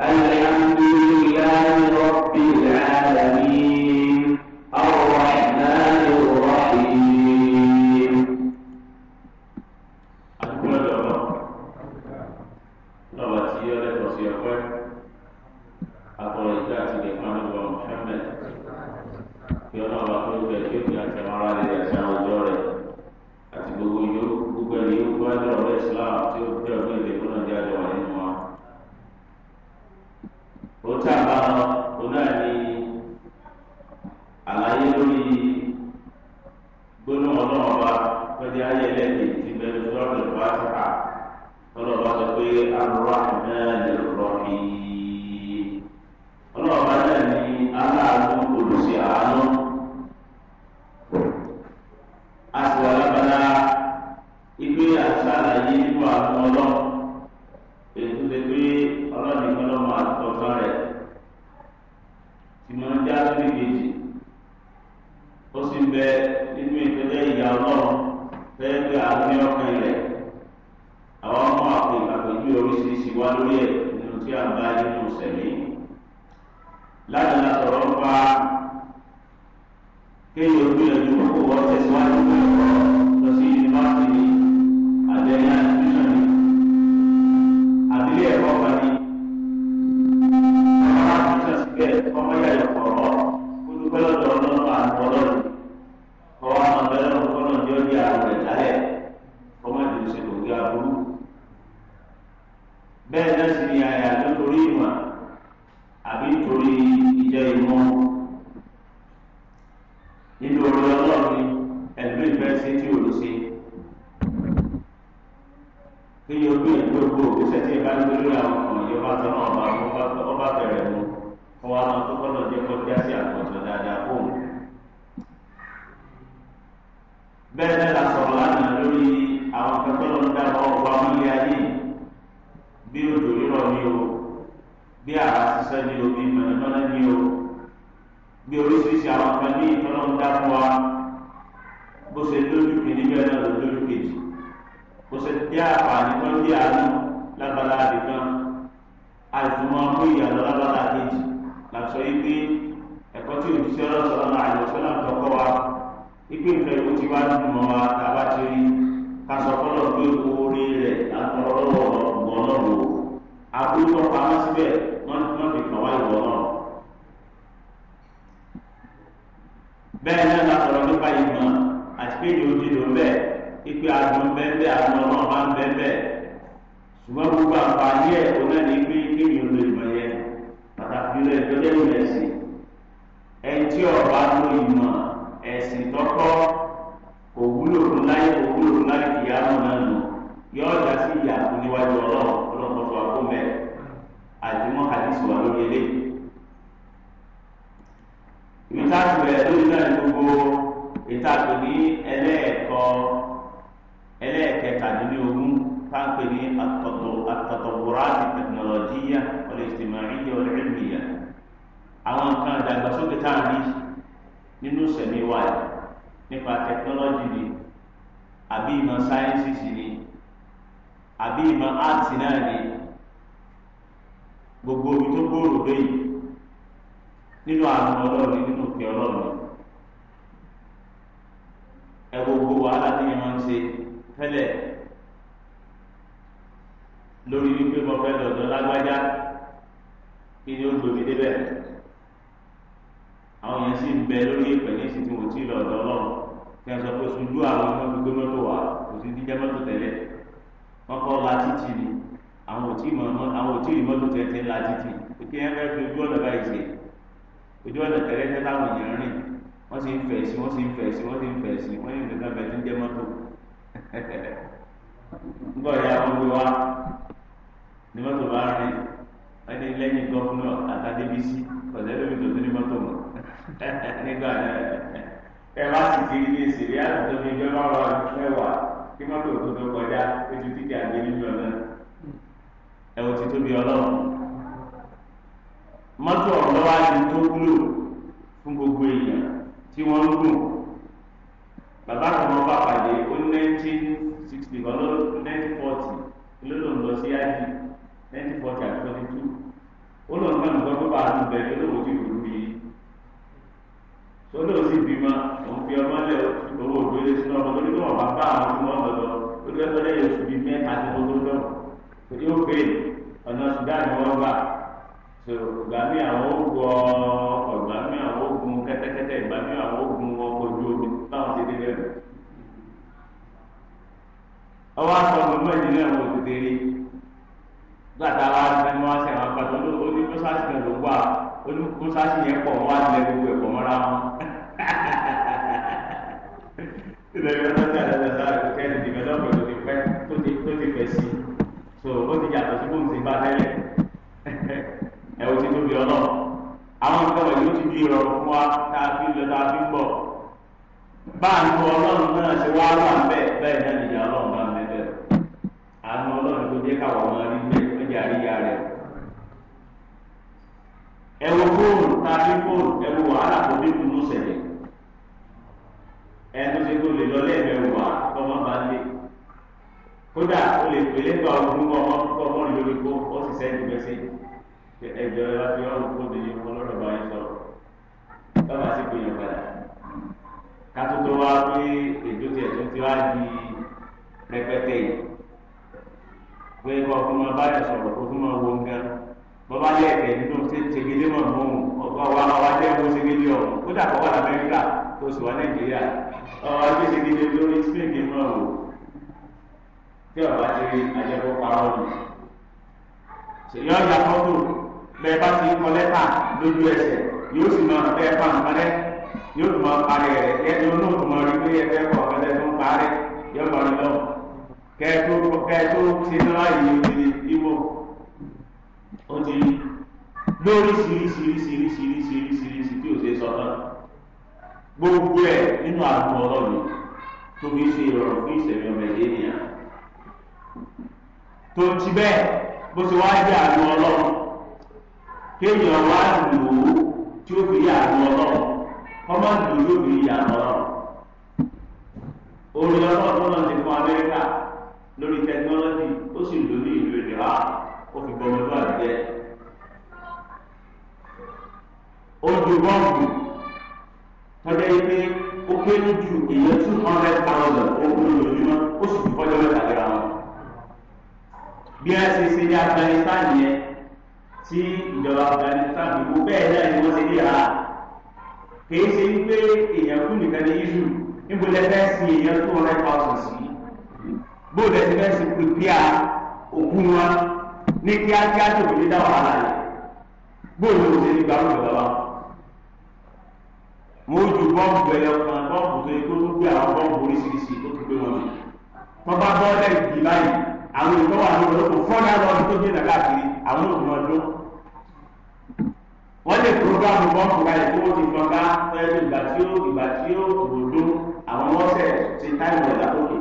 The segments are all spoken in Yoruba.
العمل tó pamọ́ síbẹ̀ wọ́n fi kàn wá ìwọ náà. bẹ́ẹ̀ náà la sọ̀rọ̀ nípa ìmọ̀ àti pé ìlú ti lò bẹ́ẹ̀ ipe àdùn bẹ́ẹ̀ bẹ́ẹ̀ àdùn ọlọ́run bá ń bẹ́ẹ̀ bẹ́ẹ̀ ṣùgbọ́n gbogbo àǹfààní ẹ̀ jẹ́ mọ́tò nígbà tí a gbogbo wa ní mọ́tò bá rìn wọ́n ní lẹ́yìn gọ́fúnà àtàdébísí ọ̀sẹ̀ lómi tó tó ní mọ́tò mọ́ nígbà ẹ bá sì kiri ní ìsìrí àtúntò ní ìjọba ọ̀rọ̀ mẹ́wàá kí mọ́tò tó tó kọjá ojú títí àgbẹ̀ nílùú ọ̀nà ẹ̀ wò ti tóbi ọlọ́run mọ́tò ọ̀rọ̀ wa ti tó wúlò fún gbogbo èèyàn tí wọ́n ń gùn. bàbá àwọn ọmọ bá pàdé ó ní nineteen sixty kan ló nineteen forty ló lòun lọ sí ig nineteen forty àti forty two ó lòun náà nǹkan tó bá a dùn bẹ́ẹ̀ ló lòun ti rò sódò sì bímọ òun fi ọmọ lẹ owó ọmọ kí wọn bá bá so ọwọ́ aṣọ gbogbo ẹ̀jẹ̀ náà wò tètè rí gbàtà wa ẹni wọn ṣe àwọn àgbàdo ló ó ní mọ́ṣáàṣì náà ló wà ó ní mọ́ṣáàṣì yẹn pọ̀ wọ́n á lẹ gbogbo ẹ̀kọ́ mọ́ra wọn. ilẹ̀ yìí wọ́n ti àtẹ̀tẹ̀ sáré kò kẹ́ni dìbẹ́lọ́pù tó ti pẹ́ tó ti tó ti fẹ̀ sí so ó ti yàtọ̀ sí bóun ti bá tẹ́lẹ̀ ẹ̀ ó ti tóbi ọlọ́ àwọn nǹkan wọ̀nyí ó ti di ìrọ̀rùn fún wa tá a fi lọ tá a fi ń bọ̀ báà ń kọ ọlọ́run náà ṣe wá wà ń bẹ́ẹ̀ bẹ́ẹ̀ náà nìyà ọlọ́run káwọn ọmọ rí bẹ́ẹ̀ ọjà àríyá rẹ̀. ẹ wo fóònù tá a fi fóònù ẹ wo wàhálà tó dé kunu sẹ̀lẹ̀ ẹ tó ṣe tó lè lọ lẹ́ẹ̀mẹ̀rù wá kọ́mọ bá lé kódà o lè pè lẹ́gbà ọdún kọ́mọ kọ́mọ lórí kó ó sì sẹ́yìn gbèsè ẹjọ́ ẹ bá fi ọrùn fóònù yìí fún ọlọ́dọ̀ bá yín sọ̀rọ̀ lọ́ba sì pè yàn padà kátó tó wá pé èdè tiẹ̀ tó ti wá di rẹpẹtẹ yìí bóyá kọ́ fún ma bá yẹ sọ̀rọ̀ kó fún ma wo nǹkan bọ́bá yẹ ẹ̀kẹ́ nínú ṣe ṣègede mọ̀ mọ́ ọ̀gá wa wa jẹ́ wo ṣègede ọ̀ ó dà kọ́ wà lamẹ́ríkà tó sì wá nàìjíríà ọ̀rọ̀ ẹgbẹ́ ṣègede lórí spíǹkì náà o tí ọ̀bá ti rí àjẹkọ́ parọ́ nù. ṣèyàn ọjà fọ́tò bẹ́ẹ̀ bá ti kọ lẹ́tà lójú ẹsẹ̀ yóò sì máa bẹ́ẹ̀ fà mọ́lẹ́ yóò tún máa parẹ́ rẹ̀ ẹ̀ kẹ́ẹ̀tó kẹ́ẹ̀tó ṣe náà yìí ní ìwọ ó ti lórí ṣiríṣiríṣiríṣiríṣiríṣi tí ò ṣe sọ náà gbogbo ẹ̀ nínú àgùn ọlọ́run tó fi ṣe ìrọ̀rùn fún ìṣẹ̀mí ọmọ ẹ̀dẹ́ ènìyàn tó ti bẹ́ẹ̀ bó ṣe wá jẹ́ àgùn ọlọ́run kéèyàn wá lò ó tí ó fi yà àgùn ọlọ́run kọ́mọ́ lò ó tí ó fi yà àgùn ọlọ́run orí ọlọ́run tó lọ sí fún Amẹ́ríkà lórí tẹkinọ́lọ́jì ó sì lò ní ìlú ìdíra ó fi gbọmọ lọ́wọ́ àjẹ́ ó ju bọ́ọ̀lù tọ́jà yìí pé ó kéré ju èèyàn two hundred thousand ogún lójúmọ́ ó sì fọ́jọ́ mẹ́ta léra wọn bí a ṣe ṣe ní Afghanistan yẹn tí ìjọba Afghanistan gbogbo bẹ́ẹ̀ náà ni wọ́n ṣe ní ìhà kì í ṣe wípé èèyàn kú nìkan ní yíṣù níbo lẹ́fẹ̀ẹ́ sí èèyàn two hundred thousand sí i bóòlù ẹni bẹ́ẹ̀ sì pèpéà òkú wọn ní kíákíá tó kò ní dá wàhálà rẹ̀ bóòlù ló ṣe ní gbàgbọ́ ìjọba mo ju bọ́ọ̀bù ẹyọ kan bọ́ọ̀bù tó yẹ kó tó gbé àwọn bọ́ọ̀bù oríṣiríṣi tó tó gbé wọn jù wọn bá bọ́ọ̀lù ẹ̀dì báyìí àwọn ìtọ́ wà lóko lóko fọ́ọ̀nì àwọn ọdún tó gbéra káàkiri àwọn òkú wọn dún wọ́n lè programu bọ́ọ̀bù báyìí kó wọ́n ti gbọ́n ká ẹ̀ẹ́dùn ìgbà tí ó ìgbà tí ó òdòdó àwọn wọ́n sẹ̀ ṣe táìmù ẹ̀dá òkè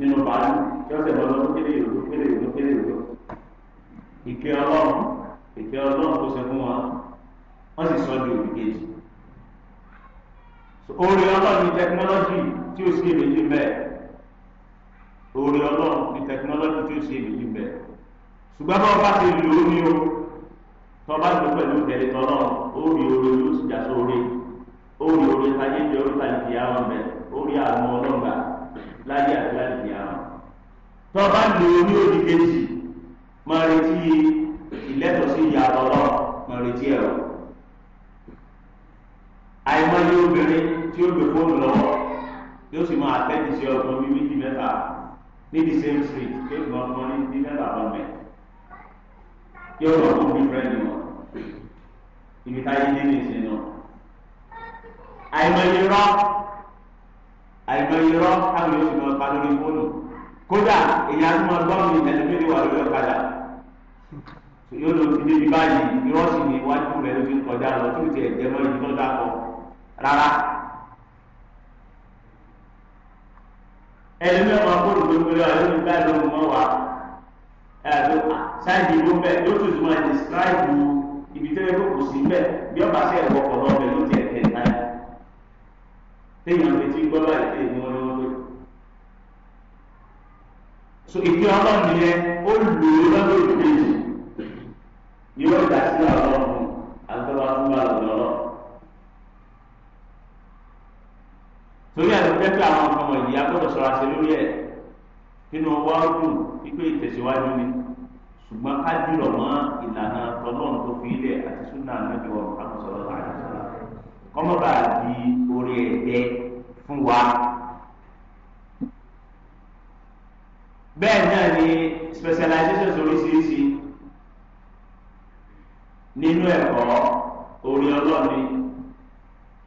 nínú bàálù yọ̀ọ̀tẹ̀ bọ̀ lọ́dún kéré ìlú kéré ìlú kéré ìlú. ìkẹ́ ọlọ́run ìkẹ́ ọlọ́run tó ṣe fún wọn wọ́n sì sọ di òdìkejì. orí ọlọ́run ní tẹkinọ́lọ́jì tí ó sì èméjì bẹ́ẹ̀ orí ọlọ́run ní tẹkinọ́lọ́jì tí ó sì èméjì bẹ́ẹ̀ ṣùgbọ́n bá bá ti lò ó ní o tó bá lò pẹ̀lú tẹ̀lé tọ́lọ́run ó rí orí yóò sì jà sóore ó rí orí táyé jẹ́ orí táyé kìí àwọn bẹ́ẹ̀ ó láyé àti láti fi hàn. tó o bá lò ó ní òdì kejì máa retí ìlẹ́tọ̀sí ìyá ọlọ́ máa retí ẹ̀rọ. àìmọye obìnrin tí ó gbé fóònù lọ́wọ́ tí ó sì máa tẹ́tí sí ọgbọ́n bíi méjì mẹ́ta ní the same street tí ó gbọ́n fún ní mẹ́ta bọ́mẹ̀ yóò lọ fún bí fẹ́ẹ́ nìwọ̀n ibi táyé dé ní ìsinmi àìmọye rán àìmọye irọ́ káwọn yóò sì máa pa lórí fóònù kódà èyí á máa gbọ́ mi ẹlẹ́mìíràn wà lórí ọ̀kadà yóò lọ sí débi báyìí irọ́ sì ní iwájú rẹ̀ ló fi ń kọjá lọ tó ti ẹ̀jẹ̀ mọ́ ìdí lọ́dà kọ rárá. ẹlẹ́mìíràn máa kó lóògùn gbélé wa lórí báyìí lóògùn mọ́ wa sáyidì ló bẹ̀ yóò tún ìtumọ̀ ìdí síráìdì ibi tẹ́lẹ̀ tó kù sí bẹ́ẹ̀ bí ọba sí ẹ̀wọ̀ kọ̀ lọ́ọ̀bẹ̀ ló ti ẹ̀kẹ́ téèyàn lè ti gbọ́ báyìí téèyàn ní wọ́n ní wọ́n so ìpín ọlọ́run nìyẹn ó lò ó lọ́dọ̀ ìgbéjì ni wọ́n dà sí ọlọ́run àtọ́wá tó wà lọ́rọ̀. torí àtúntẹ́ pé àwọn nǹkan wọ̀nyí a gbọ́dọ̀ sọ̀rọ̀ àṣẹ lórí ẹ̀ nínú ọwọ́ ọdún wípé ìtẹ̀síwájú ni ṣùgbọ́n ká dìrọ̀ mọ́ ìlànà tọ́lọ́run tó fi ilẹ̀ àti súnà ànájọ́ àkọsọ̀rọ̀ àjọṣọ́ kọ́mọ́bà di orí ẹ̀dẹ́ fún wa. bẹ́ẹ̀ náà ni specializations oríṣiríṣi nínú ẹ̀kọ́ orí ọlọ́ọ̀ni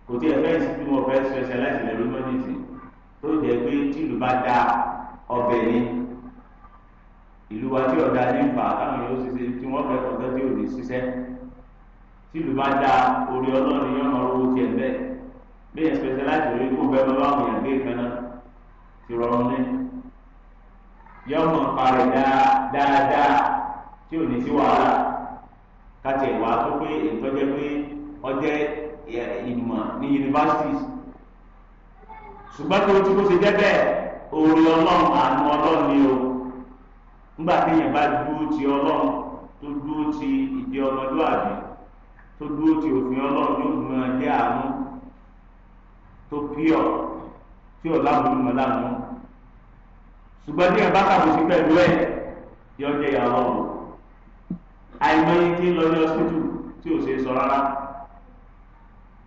kò tí ẹ fẹ́ sí bí mo fẹ́ specialize lẹ́rú mọ́nìtì tó jẹ́ pé tìlú bá dá ọbẹ̀ ni ìlú wa tí ọ̀dà ní ìfà táwọn yóò ṣiṣẹ́ tí wọ́n fẹ́ ọ̀dọ́ tí ò ní ṣiṣẹ́. tílu bá da orí ọlọ́run yẹn ọ̀rọ̀ tiẹ̀ bẹ́ẹ̀ bẹ́ẹ̀ yẹn specialize orí kó bẹ́ẹ̀ ti rọrùn ní. yọ̀ọ́ mọ̀ dáadáa tí ò ní sí wàhálà káti ẹ̀wà tó pé ìtọ́jẹ́ pé ọjẹ́ ìmọ̀ ní universities ṣùgbọ́n tí o ṣe jẹ́ ni o nígbà bá dúró ti ọlọ́run tó dúró ti ìdí ọmọdúnrún tó dúró ti òfin ọlọ́run yóò mọ ẹgbẹ́ àánú tó píọ̀ tí ò láwùjọ mọ láwùjọ ṣùgbọ́n ní ẹ̀bá kàwé sí pẹ̀lú ẹ̀ yọ jẹ́ ìyá ọlọ́run àìmọye tí ń lọ ní ọsítù tí ò ṣe sọ rárá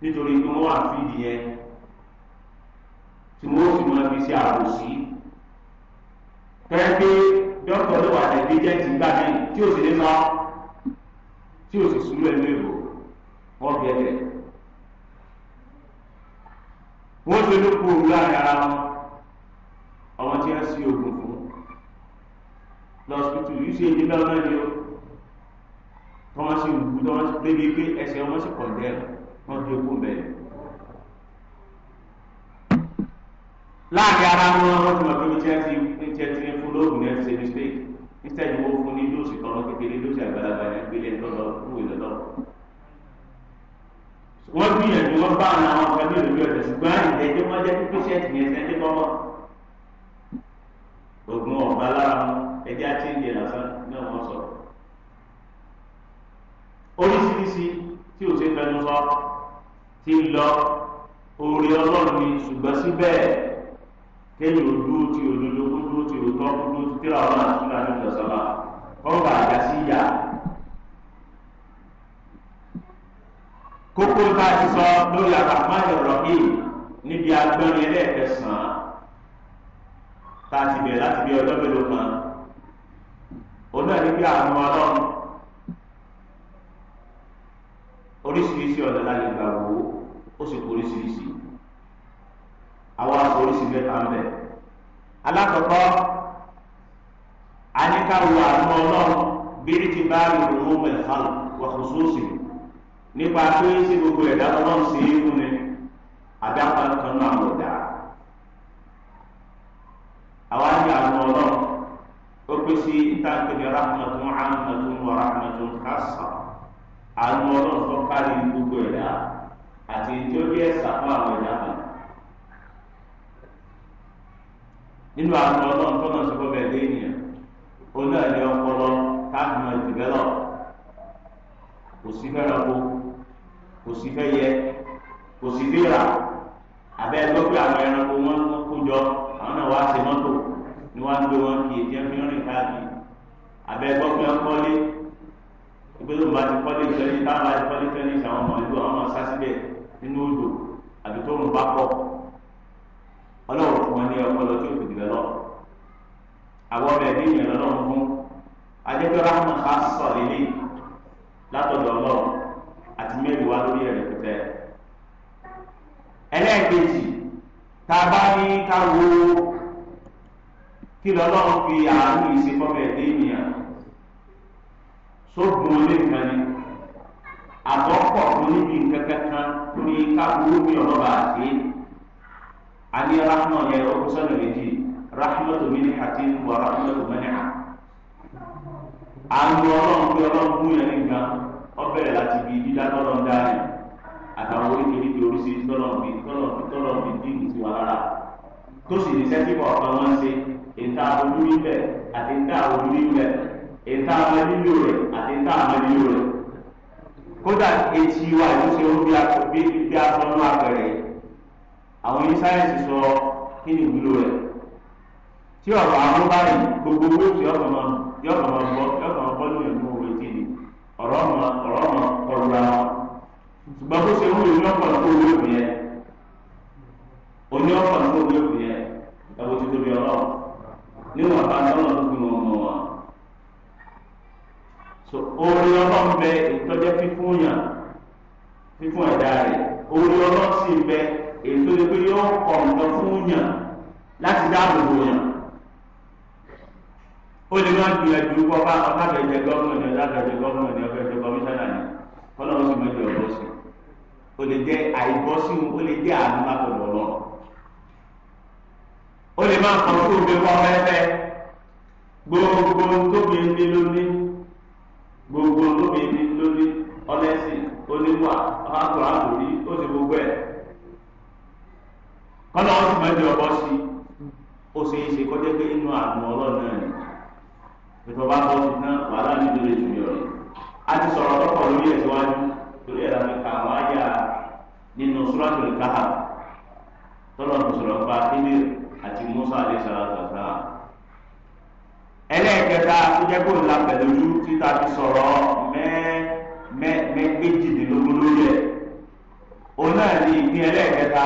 nítorí pé wọ́n wà fídì yẹn tí wọ́n sì máa fi ṣe àbòsí pẹ́ẹ́ pé dókítà ló wà lẹ́gbẹ́jẹ́ tì gbà mí tí ò sì ní sọ tí ò sì súnú ẹ̀ lóyìnbó wọ́n fi ẹsẹ̀ wọ́n ṣe ló kú òwúrọ̀ àyàrá wọn ọmọ tí wọ́n sí oògùn fún lọ́sítútù yìí ṣe ìdílé ọmọ ẹni o tọ́wọ́n sì ń wú tọ́wọ́n sì débi pé ẹsẹ̀ wọn sì pọ̀ dẹ́rù wọ́n fi oògùn bẹ̀rẹ̀. láàrin ara wọn wọ́n ti mọ̀ pé mi tiẹ̀ ti ti fún lóògùn yẹn ti ṣe mistake instead wọ́n fún ní dóòsì tọ́lọ́ kékeré dóòsì àgbàlagbà yẹn gbélé ńlọ́lọ́ kúwèé lọ́lọ́ wọ́n gbìyànjú wọ́n bá àwọn àwọn ọ̀gá ní ìlú ọ̀dẹ̀ ṣùgbọ́n ìdẹ́jọ́ wọn jẹ́ pípé ṣẹ́ẹ̀tì yẹn ṣẹ́ńtì kọ́mọ́ ogun ọ̀gá lára wọn ẹjẹ́ àti ìdè lásán náà wọ́n sọ. oríṣiríṣi tí ò ṣe fẹnu sọ ti lọ orí ọlọ́run ni ṣùgbọ́n síbẹ̀ kéèyàn dúró ti òdodo dúró ti òtọ́ dúró ti tíra ọlọ́run àti tíra ní ìjọsọ́lá kọ́ kókó bá a ti sọ lórí Ar-Rahman Ar-Rahim níbi agbọ́nrin ẹlẹ́ẹ̀kẹsàn-án tá a ti bẹ̀rẹ̀ láti bí ọjọ́ mélòó kan òun náà ní bí àwọn ọlọ́run oríṣiríṣi ọ̀nà la gbà wò ó ó sì kó oríṣiríṣi àwọn aṣọ oríṣiríṣi mẹ́ta ń bẹ alákọ̀ọ́kọ́ àníkàwé àwọn ọlọ́run bí ti bá rí òun ó mẹ́fà wà kó sóòsì nípa pé ṣé gbogbo ẹ̀dá ọlọ́run ṣe é fún mi àdápa kan náà àwọn ọ̀dà àwa ní àwọn ọlọ́run ó pè sí ìtàkùn ní rahmatun rahmatun wa rahmatun kásá àwọn ọlọ́run tó kárí gbogbo ẹ̀dá àti tí ó bí ẹ̀sà fún àwọn ẹ̀dá kan. nínú àwọn ọlọ́run tó náà ṣe fún bẹ́ẹ̀ léèyàn ó ọpọlọ táàmù ìdìbẹ́lọ̀ kò sí fẹ́ràn kò sí fẹ́ yẹ kò sí fẹ́ rà abẹ́ ẹgbẹ́ pé àwọn ẹranko wọn kó jọ àwọn náà wá ṣe mọ́tò ni wọ́n á gbé wọn kì í jẹ́ fi rìn káàkiri abẹ́ ẹgbẹ́ pé wọ́n kọ́lé ìgbésò bá ti kọ́lé ìṣẹ́lẹ̀ táwọn bá ti kọ́lé ìṣẹ́lẹ̀ ìṣàwọn ọmọ ìlú àwọn ọmọ sásíbẹ̀ nínú odò àbí tó ń bá pọ̀ ọlọ́run fún wọn ní ọpọlọ tí òfin ìdílé lọ àwọn ọmọ ẹ̀dínyìn lọ́lọ́run fún adébẹ́rẹ́ àwọn kan lélẹ̀ látọ̀dọ̀ ọlọ́run àti mẹ́rin wá lórí ẹ̀rẹ̀ kútẹ́. ẹlẹ́ẹ̀kejì tá a bá ní ká wo kí lọ́lọ́run fi àánú ìṣe fọ́mọ ẹ̀dẹ́ ènìyàn sóògùn olóògbé ni àbọ̀pọ̀ fún níbi nǹkan kankan lórí ká burú mi ọ̀rọ̀ bá a ṣe rahma yẹ ọkùnrin sọ́nà méjì rahma tó mi ní àti wà rahma tó mẹ́rin àánú ọlọ́run pé ọlọ́run mú yẹn nìkan wọ́n bẹ̀rẹ̀ láti bí dídá tọ́lọ̀ ń dáa yìí àtàwọn oríkèéríkèé ti oríṣiríṣi tọ́lọ̀ ń bí tọ́lọ̀ ń bí tọ́lọ̀ ń bí díìmù sí wa lára tó sì ní sẹ́tìmọ̀ ọ̀kan wọn ṣe ìta ojú níbẹ̀ àti ìta ojú níbẹ̀ ìta ọmọ nílò rẹ̀ àti ìta ọmọ nílò rẹ̀ kódà etí wa ló ṣe ń bí bí asọ́nú apẹ̀rẹ̀ àwọn yìí sáyẹ̀nsì sọ kí ni ìwúlò rẹ̀ tí ọ̀rọ̀ àwọn báyìí gbogbo owó tí ọ̀rọ̀ máa ń bọ́ tí ọ̀rọ̀ máa ń bọ́ lóyún ọ̀rọ̀ ọ̀mà ọ̀rọ̀ ọ̀mà kọlu ara wọn ṣùgbọ́n bó ṣe ń wúlò ní ọ̀pọ̀ àti owó ìbí yẹn oní ọ̀pọ̀ àti owó ìbí yẹn ẹ̀wọ̀ ti tóbi ọ̀rọ̀ níwọ̀n bá tọ́lọ̀ tó fi wọn mọ̀ wọn. so orí ọlọ́ ń bẹ ìtọ́jẹ́ fífún yàn fífún ẹ̀dá rẹ̀ orí ọlọ́ sì ń bẹ èyí tó lè pé yóò kọ̀ fún yàn láti dáàbò bò yàn. ó lè máa gbìyànjú kó ọba ọbàbẹ̀jẹ̀ gọ́ọ̀mù ni ọ̀dàbẹ̀jẹ̀ gọ́ọ̀mù ni ọbẹ̀jẹ̀ kọmíṣánná ni kọ́lọ́mù sì méjì ọ̀bọ̀ sí ó lè jẹ́ àìbọ́sí ó lè jẹ́ àánú látọ̀dọ̀ lọ. ó lè máa kàn omi fẹ́fẹ́ gbogbo tóbi ní gbogbo tóbi ní ọlẹ́sìn oníwà ó gbogbo ẹ̀ sì ó ṣe kọjá pé inú àánú ọlọ́run náà ìtọ́ba bọ́ sí náà wàhálà nítorí ìtúyọ̀ rẹ̀ a ti sọ̀rọ̀ lọ́pọ̀ lórí ẹ̀ síwájú torí ẹ̀rọ mi kà wọ́n á yà nínú suratul Kahf tọ́lọ̀ tó sọ̀rọ̀ pa kíndìn àti Musa alayhi salatu wa salam ẹlẹ́ẹ̀kẹta tó jẹ́ kó ńlá pẹ̀lú títa ti sọ̀rọ̀ mẹ́ẹ̀ẹ́dẹ́gbẹ̀jìdínlógún lórí ẹ̀ òun náà ní ìpín ẹlẹ́ẹ̀kẹta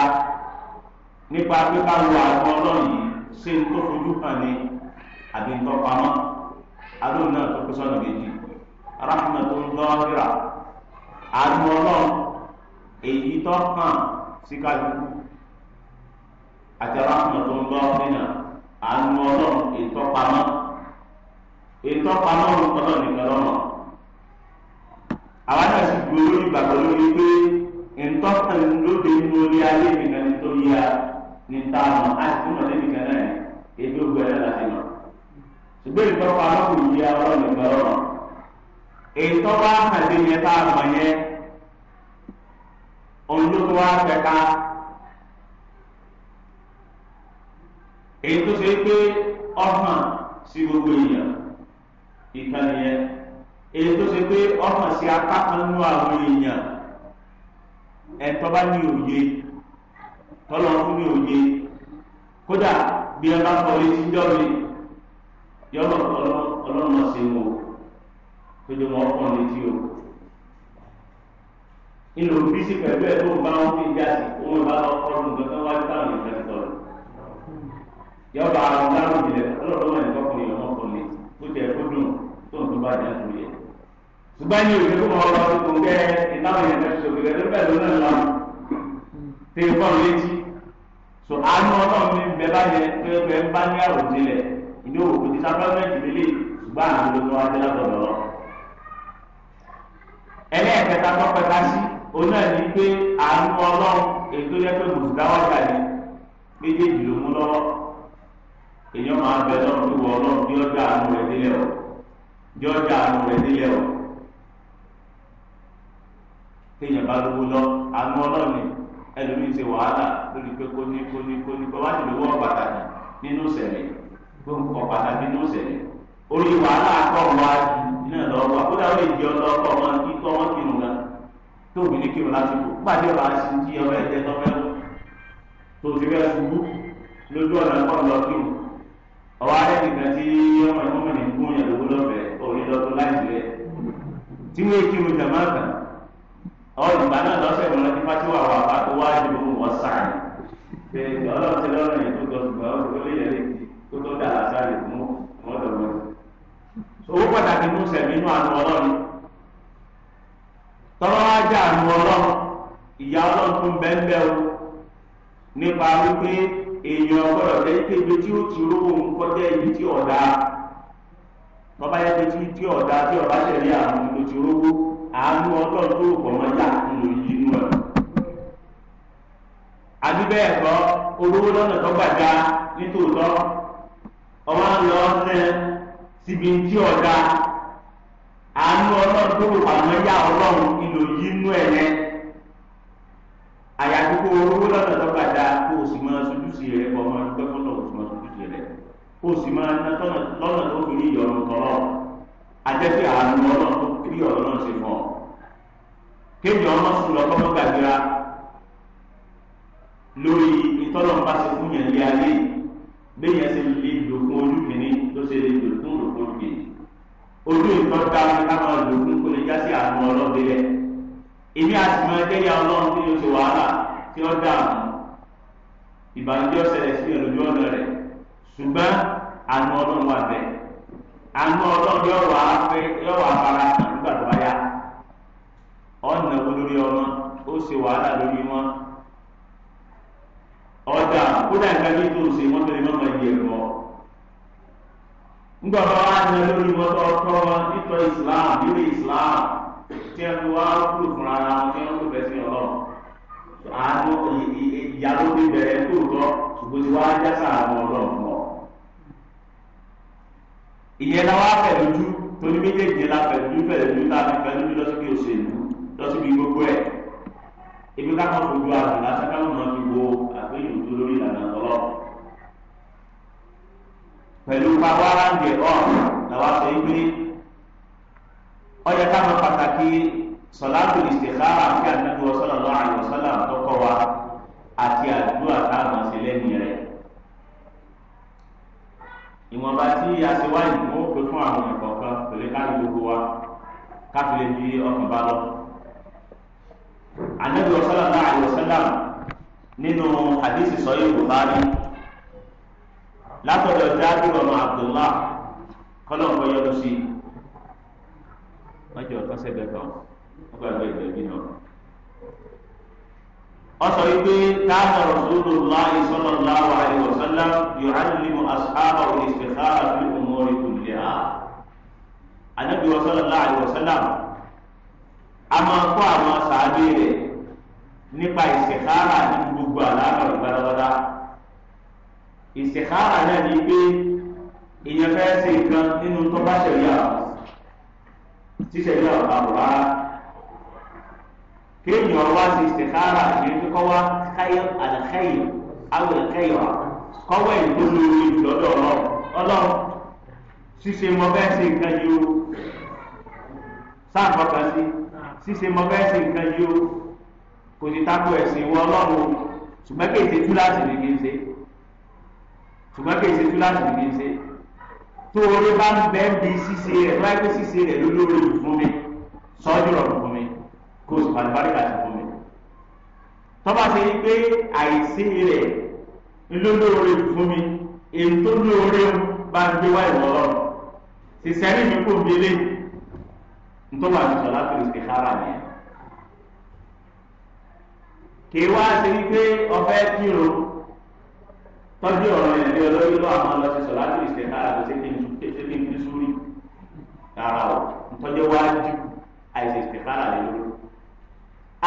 nípa pípa wo àwọn ọlọ́run yìí ṣé ń tó fojú hàn ní àbí ń tọ́ pamọ́ adó náà tó kó sọ́nà méjì rahmatun zahira àánú ọlọ́run èyí tó hàn sí kálukú àti rahmatun batina àánú ọlọ́run èyí tó pamọ́ èyí tó pamọ́ ọlọ́run nìkan lọ́nà àwa náà sì gbé orí ìgbàgbọ́ lórí pé ntọ́kàn lóde inú orí ayé nìkan nítorí ya ní ta mọ̀ àti fún ọ̀lẹ́ nìkan náà ètò ìgbẹ́rẹ́ láti mọ̀ ṣùgbọ́n ìtọ́pọ̀ aláwọ̀ yìí ọ̀rọ̀ nìkan ọ̀rọ̀ ìtọ́pọ̀ àkàdé yẹn tá a mọ̀ yẹn olóko wa fẹ́ka èyí tó ṣe pé ọ̀hàn sí gbogbo èèyàn ìkan nìyẹn èyí tó ṣe pé ọ̀hàn sí apá kan nínú àwọn èèyàn ẹ̀tọ́ bá ní òye tọ́lọ́ fún ní kódà bí ẹ bá kọ́ létí jọ́ mi yọlọ ọlọ́run máa ṣe wò tójú wọn kàn létí o inú bísí pẹ̀lú ẹ̀ tó ń bá wọn fi já sí òun ìbá lọ kọ́ ọdún tó ń wájú táwọn èèyàn ti tọ̀lọ̀ yọba àwọn dáhùn ìjìnlẹ̀ ọlọ́run máa ń tọkùnrin ọmọ kan létí ó jẹ́ kó dùn tó ń tó bá jẹ́ àtúnyẹ̀ ṣùgbọ́n ní òṣèlú kan ọba tó kún kẹ́ ìdáhùn yẹn fẹ́ sọ̀rọ̀ ẹ̀ lọ́bẹ̀ ló náà lọ́wọ́ tẹ fọ́n létí so àánú ọlọ́run ní bẹ́ẹ̀ bá yẹ ìdí òwò kò ti sáfẹ́mẹ́ntì lélẹ̀ ṣùgbọ́n àwọn olóńgbò wa jẹ́ látọ̀dọ̀ lọ. ẹlẹ́ẹ̀kẹta tó pẹ́ka sí oná ní pé àánú ọlọ́run ètò yẹ pé mùsùlùmáwájà ni méjèèjì ló mú lọ́wọ́ èèyàn máa bẹ lọ́run tó wọ ọlọ́run bí ọjà àánú rẹ̀ délẹ̀ ọ̀ bí ọjà àánú rẹ̀ délẹ̀ ọ̀ téèyàn bá lówó lọ àánú ọlọ́run ni ẹlòmíín ṣe wàhálà lórí pé kóní kóní kóní kó wá nílò wọ́ pàtàkì nínú sẹ̀lẹ̀ tó ń kọ pàtàkì ní òsèlè orí wàhálà àtọ̀wá náà lọ́wọ́ àkódà ó lè di ọlọ́kọ̀ ọmọ kí tọ́ wọn kírun náà tó òbí ní kírun lásìkò pàdé ọba sí ti ọba ẹ̀jẹ̀ tọ́fẹ́ tó ti rẹ̀ ṣubú lójú ọ̀nà kọ́ lọ kírun ọwọ́ alẹ́ nìkan tí ọmọ ìmọ̀mọ̀ ní gún yẹn lówó lọ́fẹ̀ẹ́ òní lọ́dún láì rẹ̀ tí wọ́n kírun jàmá kan ọ̀rọ̀ ìgbà náà lọ́sẹ̀ wọn ti fájú àwọn àbá tó wájú wọn sáà pé ọlọ́ọ̀tẹ̀ lọ́rùn yẹn tó gbọ́ tó dà lásàrè fún ọ̀dọ̀ wọn. owó pàtàkì mú sẹ̀mí inú àánú ọlọ́run tọ́lọ́ wá jẹ́ àánú ọlọ́run ìyá ọlọ́run bẹ́ẹ̀ bẹ́ẹ̀ o nípa wípé èèyàn gbọ́dọ̀ jẹ́ pé ibi tí ó ti rówó nǹkan jẹ́ ibi tí ọ̀dà tọ́ba yẹ tí ọ̀dà tí ọ̀bá tẹ̀lé ti rówó àánú ọlọ́run tó ọmọ àlọ́ ọ̀sẹ̀ síbi tí ọ̀dà àánú ọlọ́run tó wà mọ́ yá ọlọ́run ìlò yìí nú ẹ̀ yẹn àyàfi kó owó lọ́dọ̀ tó bá dáa kó o sì máa sojú sí rẹ̀ kó o máa dúpẹ́ fún lọ́wọ́ tó máa sojú sí rẹ̀ kó o sì máa ná lọ́nà tó fi ní ìyọ̀rùn tọ́lọ̀ àjẹsí àánú ọlọ́run tó kí ọ̀rọ̀ náà ṣe fún ọ. kéèjì ọmọ sùn lọ kọ́mọ́ gbàgbéra lórí ìtọ́lọ́mbàṣe fún yẹn lé ayé yìí bẹ́ẹ̀ ṣe lè lò fún ojú kìíní ló ṣe lè lò fún òkú kejì ojú ìtọ́ ta ni ká máa lò fún kólé já sí àwọn ọlọ́dẹ rẹ̀ èmi àti mọ ẹgbẹ́ ya ọlọ́run tí yóò ṣe wàhálà tí ó dà mọ́ ìbànújẹ́ ọ̀sẹ̀lẹ̀ sí ìrìn ojú ọ̀nà rẹ̀ ṣùgbọ́n àánú ọlọ́run wà bẹ́ẹ̀ àánú ọlọ́run yóò wà á fẹ́ yóò wà á fara hàn nígbà tó bá yá ọ̀nà olórí ọmọ ó ṣe wàhálà lórí wọn kódà ìgbàgbé tó ṣe wọ́n tẹ̀lé mọ́mọ́ ìdí ẹ̀kọ́. ńgbà bá wà ní olórí wọn tó tọ́ wọn títọ́ Islam nílé Islam tí ẹ wá kúrò fún ara wọn tí wọn kò fẹ́ sí ọlọ́run. àánú ìyàwó ti bẹ̀rẹ̀ tó tọ́ ṣùgbọ́n ti wá jásà àwọn ọlọ́run mọ́. ìyẹn la wá fẹ̀lú jù torí méjèèjì la fẹ̀lú jù fẹ̀lú jù tá a fi fẹ̀lú jù lọ́sibí òṣèlú lọ́sibí gbogbo ẹ̀ ibi ká kọ́ fojú àgbà lásán ká lọ́nà fi wo lórí ìlànà ọlọ́ pẹ̀lú pàwọ́ aráńdì ọ̀ làwọn sọ pé ọyẹ káwọn pàtàkì sọláàtù ìsèkára àti àdúgbò ọsọlá lọ àyè ọsọlá tọkọ wa àti àdúrà táwọn ṣe lẹ́yìn rẹ̀ ìwọ̀nba tí a ṣe wáyé ó pè fún àwọn ẹ̀kọ́ kan pèlè káàdì gbogbo wa káfílẹ̀ bí ọkàn bá lọ. àdúgbò ọsọlá lọ àyè ọsọlá nínú hadisi sọ́yìn buhari látọ̀dọ̀ jáde ọmọ abdullah kọ́lọ́ǹkọ́ yọdún sí i wọ́n jẹ́ ọ̀tọ́ sẹ́gbẹ̀ẹ́ kan wọ́n gbàgbé ìgbẹ́ bí náà. ọsọ wípé káàkiri rọ̀sùlù láàyè sọ́nà láwà àìwọ̀sánlá yòhánìlímù asáàbà òní ìsìnkára sí òmòrì kùlẹ̀ á. ànábì wọ́sánlá láà àìwọ̀sánlá a máa kọ́ àwọn sàádé rẹ̀ nípa ìsìnkára ní gbogbo gbogbo àlàáfíà gbadabada ìsìkára náà ni pé ìyẹn fẹ́ ṣe nǹkan nínú tó bá ṣẹlẹ̀ àwọn tíṣẹlẹ̀ àwọn àbúrá kéèyàn wá sí ìsìkára ìyẹn tó kọ́ wá káyọ̀ àlàkáyọ̀ àwọn ìkáyọ̀ kọ́wọ́ ìdólórí lọ́dọ̀ ọlọ́run ọlọ́run ṣíṣe mọ bẹ́ẹ̀ ṣe nǹkan yìí o sáà fọkàn sí ṣíṣe mọ bẹ́ẹ̀ ṣe nǹkan yìí o kò ní tako ẹ̀sìn wọ ọlọ́run o ṣùgbọ́n kí èsì túláàsì ni kí n ṣe ṣùgbọ́n kí èsì túláàsì ni kí n ṣe tó orí bá ń bẹ́ ń bi ṣíṣe rẹ̀ tó wáyé ṣíṣe rẹ̀ ló lórí ìlú fún mi sọ́jú rọ̀rùn fún mi kó o sì pàdé bárí kàṣì fún mi tọ́ba ṣe yí pé àìsí rẹ̀ ló lórí ìlú fún mi èyí tó lórí bá ń gbé wá ìwọ lọ́rùn ṣiṣẹ́ rí mi kò ń délé nítorí àti sọ̀lá fèrèsé kára nìyẹn kì í wá ṣe wípé ọfẹ kírò tọ́jú ọ̀rọ̀ yẹn ní olórí lọ àwọn lọ sí sọlá tó ìṣẹ náà àti ṣe kí n súrì rárá o ntọ́jú wájú àìṣe ìṣẹ náà lè lórí.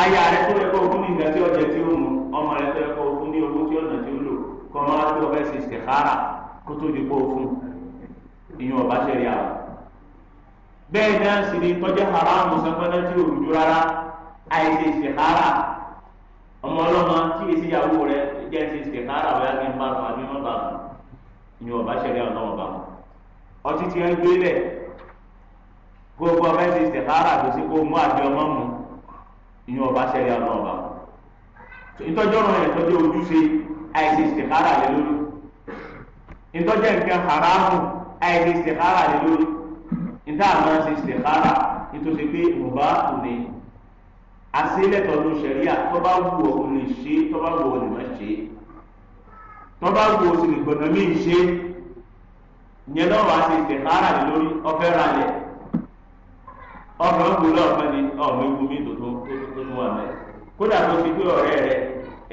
aya rẹ tó yẹ kó o fún ní nǹkan tí ọjà tí ó mú ọmọ rẹ tó yẹ kó o fún ní owó tí ọ̀nà tí ó lò kọ́ ọ máa tó ọfẹ ṣe ìṣẹ kó tó di kó o fún ìyún ọba ṣẹlẹ̀ àwọn. bẹ́ẹ̀ náà sì ni tọ́jú haramu sanfẹ́lẹ́ tí ò ọmọ ọlọ́mọ tí èsì ìyàwó rẹ jẹ́ ti ṣe káàrà ọ̀yá kí n bá wọn àbí wọn bá wọn ni wọn bá ṣẹlẹ̀ ọ̀nà wọn bá wọn. ọtí ti ń gbélé gbogbo ọmọ ẹsẹ̀ ṣe káàrà tó ṣe kó mú àbí ọmọ mu ni wọn bá ṣẹlẹ̀ ọ̀nà wọn bá wọn. ìtọ́jú ojúṣe àìsí ṣe káàrà lé lórí ìtọ́jú nǹkan haramu àìsí ṣe káàrà lé lórí ìtọ́ àwọn ṣe ṣe káàrà nítorí pé mùbá kò ní àṣelẹ́tọ̀ ló ṣẹ̀ríà tọ́ba wù ọ́ ò lè ṣe tọ́ba wù ọ́ lè má ṣe tọ́ba wù ọ́ sì lè gbọ́dọ̀ mí ṣe ìyẹn náà wàá ṣe ìṣẹ̀kára rẹ̀ lórí ọ̀fẹ́ ra rẹ̀ ọ̀fẹ́ ń gbólé ọ̀fẹ́ ni ọ̀mọ ewu mi dòdò tó tó wà mẹ́ kódà tó ti pé ọ̀rẹ́ rẹ̀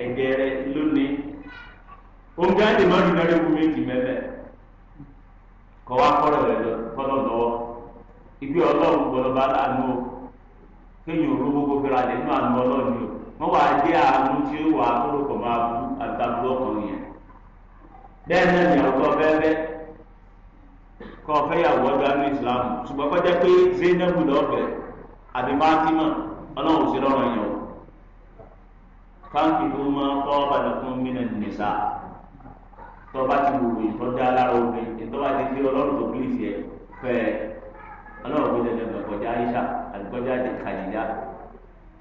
ẹ̀gẹ́ rẹ̀ lónìí oúnjẹ á lè má dùn lórí ewu mi ti mẹ́mẹ́ kọ́ wa kọ́ rẹ̀ lọ́dọ̀ lọ́wọ́ ìgbé ọlọ́run gbọ́dọ̀ bá láàánú o kéèyàn olówó kó fẹ́ra lẹ́nu àánú ọlọ́ọ̀ni o wọ́n wá dé àánú tí ó wà lórúkọ máa bú àtàbí ọkùnrin yẹn bẹ́ẹ̀ náà ni àwọn tó fẹ́fẹ́ kọ́ fẹ́yàwó ọjọ́ àánú ìsìlámù ṣùgbọ́n kọ́ jẹ́ pé Zainabu lọ́fẹ̀ àbí Fatima ọlọ́run sí lọ́rọ̀ yẹn o káńtì tó máa kọ́ ọ̀bàdàn mìíràn nìsa tọ́ba ti wù wù ìtọ́jà alára obìnrin ìtọ́ba ti fi ọlọ́run tó bílíìsì ọlọ́run mi dandan lọ kọjá aisha àlùkọjá àti kàdíjà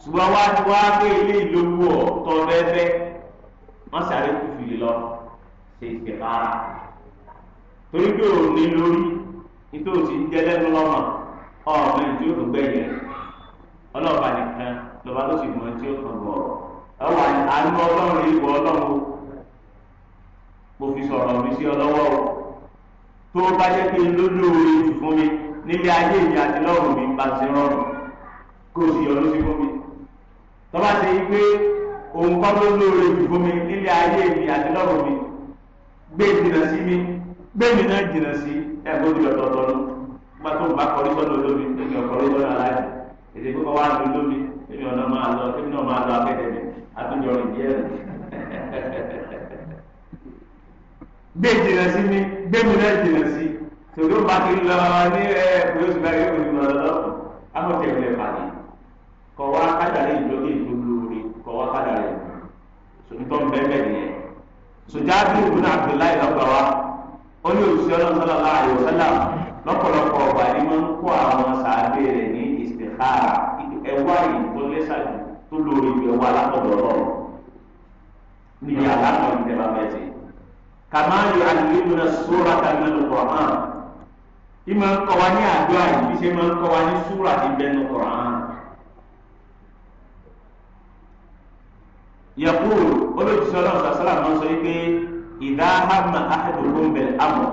ṣùgbọ́n wá ti wá pé ilé ìlówó ọ̀ tọ́ bẹ́ẹ̀bẹ́ wọ́n sáré kú fìlì lọ ṣe ìṣèkára torí pé òun ní lórí nítorí òsì ń jẹ́ lẹ́nu lọ́mọ ọ̀ọ́mọ ìdí òkú gbẹ̀yẹ ọlọ́ọ̀bà nìkan lọ́ba tó sì mọ ẹni tí ó kàn bọ̀ ẹwà àánú ọlọ́run ìwọ ọlọ́run mo fi sọ̀rọ̀ mi sí ọlọ́wọ́ o tó bá jẹ́ pé lójú oore jù fún mi níbi ayé mi àti lọ́rùn mi bá ti rọrùn kó o sì yọ lóṣù fún mi tọ́ba ṣe yí pé òun kọ́ ló lóore jù fún mi nílé ayé mi àti lọ́rùn mi gbé jìnnà sí mi gbé mi náà jìnnà sí ẹ̀gbọ́n mi ọ̀tọ̀ọ̀tọ̀ lọ nígbà tó ń bá kọrí sọ́dọ̀ lómi èmi ọ̀kọ́rí sọ́dọ̀ aláìsàn èdè pípọ̀ wá lómi lómi èmi ọ̀nà máa lọ èmi náà máa lọ abẹ́rẹ́ mi àtúnjọ rìn díẹ̀ rẹ̀ gbé jìnnà sí mi gbé mi náà jìnnà sí tòdó bá ti lọ ní ẹ oṣù mẹ́rin yóò fi lọ lọ́kùn amọ̀tẹ̀ ìpínlẹ̀ pàdé kọ̀ wá kájàlẹ̀ ìjọba ètò lóore kọ̀ wá kájàlẹ̀ sòtítọ́ bẹ́ẹ̀ nìyẹn sòjáde ìbùnà Abdullahi lọ́gbà wa ó ní òṣìṣẹ́ ọlọ́sọ́lá láàyò sọ́lá lọ́pọ̀lọpọ̀ ọ̀gbà ni wọ́n ń kó àwọn sàábé rẹ̀ ní istikhara ẹ̀wá yìí tó lẹ́sàdù lórí ju ìmọ̀ ń kọ́ wa ní àdúrà yìí bí ṣe máa ń kọ́ wa ní súrà tí bẹ́nu Kùránì. yakuru olóòtú ọlọ́run sàlá máa ń sọ wípé ìdá hàmà àhẹ́dùkú ń bẹ̀ àmọ̀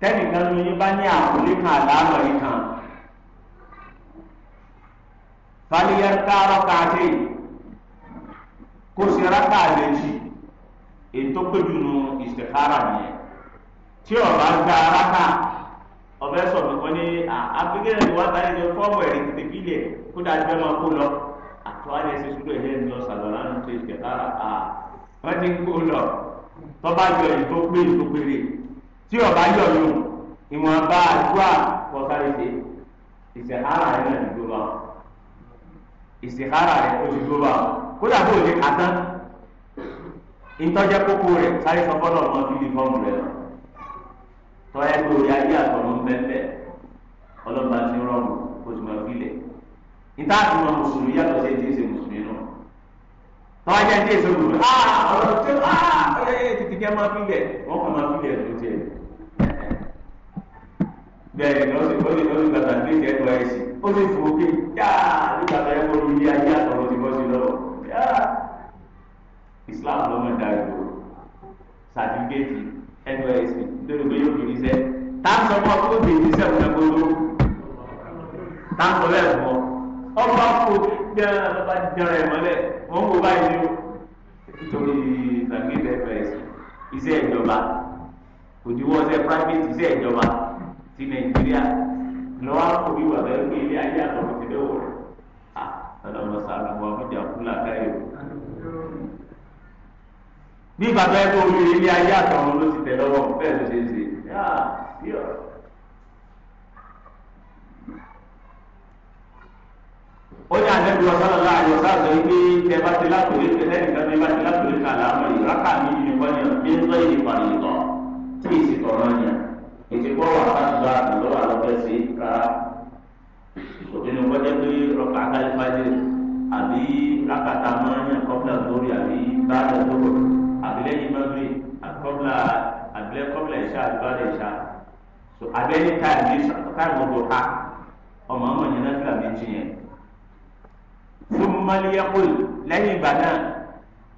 tẹ́nìkan ní yín bá ní àkùlé kan àlàámọ̀ yìí kan. fàlíyà tààrọ̀ káàdé kó sì rákà àlejì ètò péjú tí ọ̀rọ̀ á gba rákà ọbẹ̀ sọ̀rọ̀ kan ní àfikẹ́rẹ́ ni wọ́n báyìí ní fọ́ọ̀mù ẹ̀rí ti tẹ̀bí ilẹ̀ kó dájú ẹ̀ máa kó lọ àtọ́ alẹ́ ṣe sùúrù ẹ̀hẹ́ ní ọ̀sàlọ̀ lánàá tó ṣe kára à wọ́n ti kó lọ tọ́ba yọ èyí tó pé èyí tó péré tí ọba yọ yòó ìwọ̀nba àdúrà kọ́sáré ṣe ìṣẹ̀hárà rẹ̀ náà ti gbó bá ìṣẹ̀hárà rẹ̀ ó ti gbó bá kódà bó o lè kà ìtọ́jẹ́ kókó rẹ̀ sáré sọ fọ́nà ọmọ bíbí fọ́ọ̀mù rẹ̀ lọ tọ́yẹ́ pé orí ayé àtọ̀run bẹ́ẹ̀ ọlọ́ba ti rọrùn kó ti máa filẹ̀ ìta àti wọn mùsùlùmí yàtọ̀ sí ẹni tí mùsùlùmí náà tọ́wọ́ jẹ́ ẹni tí mùsùlùmí ah ọ̀rọ̀ tí ah ẹ ẹ tètè kẹ́ máa filẹ̀ wọ́n kàn máa filẹ̀ tó tiẹ̀ bẹ́ẹ̀ ni ó sì ó sì ó sì gbàgbà ní ìjẹ́ ẹ̀dùn ayé sí ó sì fò ókè yáa nígbà tó yẹ Islam lọ́mọ ìdá ìgbò sàtífíkẹ́tì ẹnu ẹ̀sìn lórí pé yóò fi rí sẹ́ tá a sọ fún ọ kó o bèèrè sẹ́ fún ẹgbẹ́ olówó tá a sọ bẹ́ẹ̀ fún ọ ọba kò jẹ́ra ọba jẹ́ra ẹ̀ mọ́lẹ̀ wọ́n kò báyìí ní o nítorí ìsàgbéjẹ ẹ̀sìn iṣẹ́ ìjọba òdiwọ́ ṣe private iṣẹ́ ìjọba ti Nàìjíríà lọ́wọ́ kò bí wà bẹ́ẹ̀ pé ilé ayé àtọ̀rọ̀ ti bẹ́ẹ̀ wọ̀ rẹ̀. ní ìbàdàn ẹ tó orí ilé ayé àtàwọn ló ti tẹ lọ́wọ́ bẹ́ẹ̀ ló ṣe ń ṣe. ó ní àdébí ọ̀sán ọ̀la àyè ọ̀sán àgbẹ̀ yìí pé tẹ bá ti látòlé tẹ lẹ́nìkan tó yẹ bá ti látòlé kan láàmú yìí rákà mi yìí nìkan yẹn bí ń tọ́ yìí nípa yìí tọ́ tí ì sì tọ̀rọ̀ yẹn ètò ìgbọ́ wà láti lọ àtàlọ́ àlọ́fẹ́ sí rárá òbí ni wọ́n jẹ́ pé rọ́kà kálífájì àbí rákàtà mọ́ọ́yàn kọ́pìlà lórí àbí bá a lọ sọ́kọ̀ọ́ àbílẹ́yìn mọ́bìlì àkọ́bùlà àbílẹ́ kọ́bùlà ìṣá àdúgbò ìṣá so abẹ́ni táìmù táìmù ọdún ha ọmọ ọmọ yẹn náà fìlà méjì yẹn fún mọ́lẹ́yẹ́kùn lẹ́yìn ìgbà náà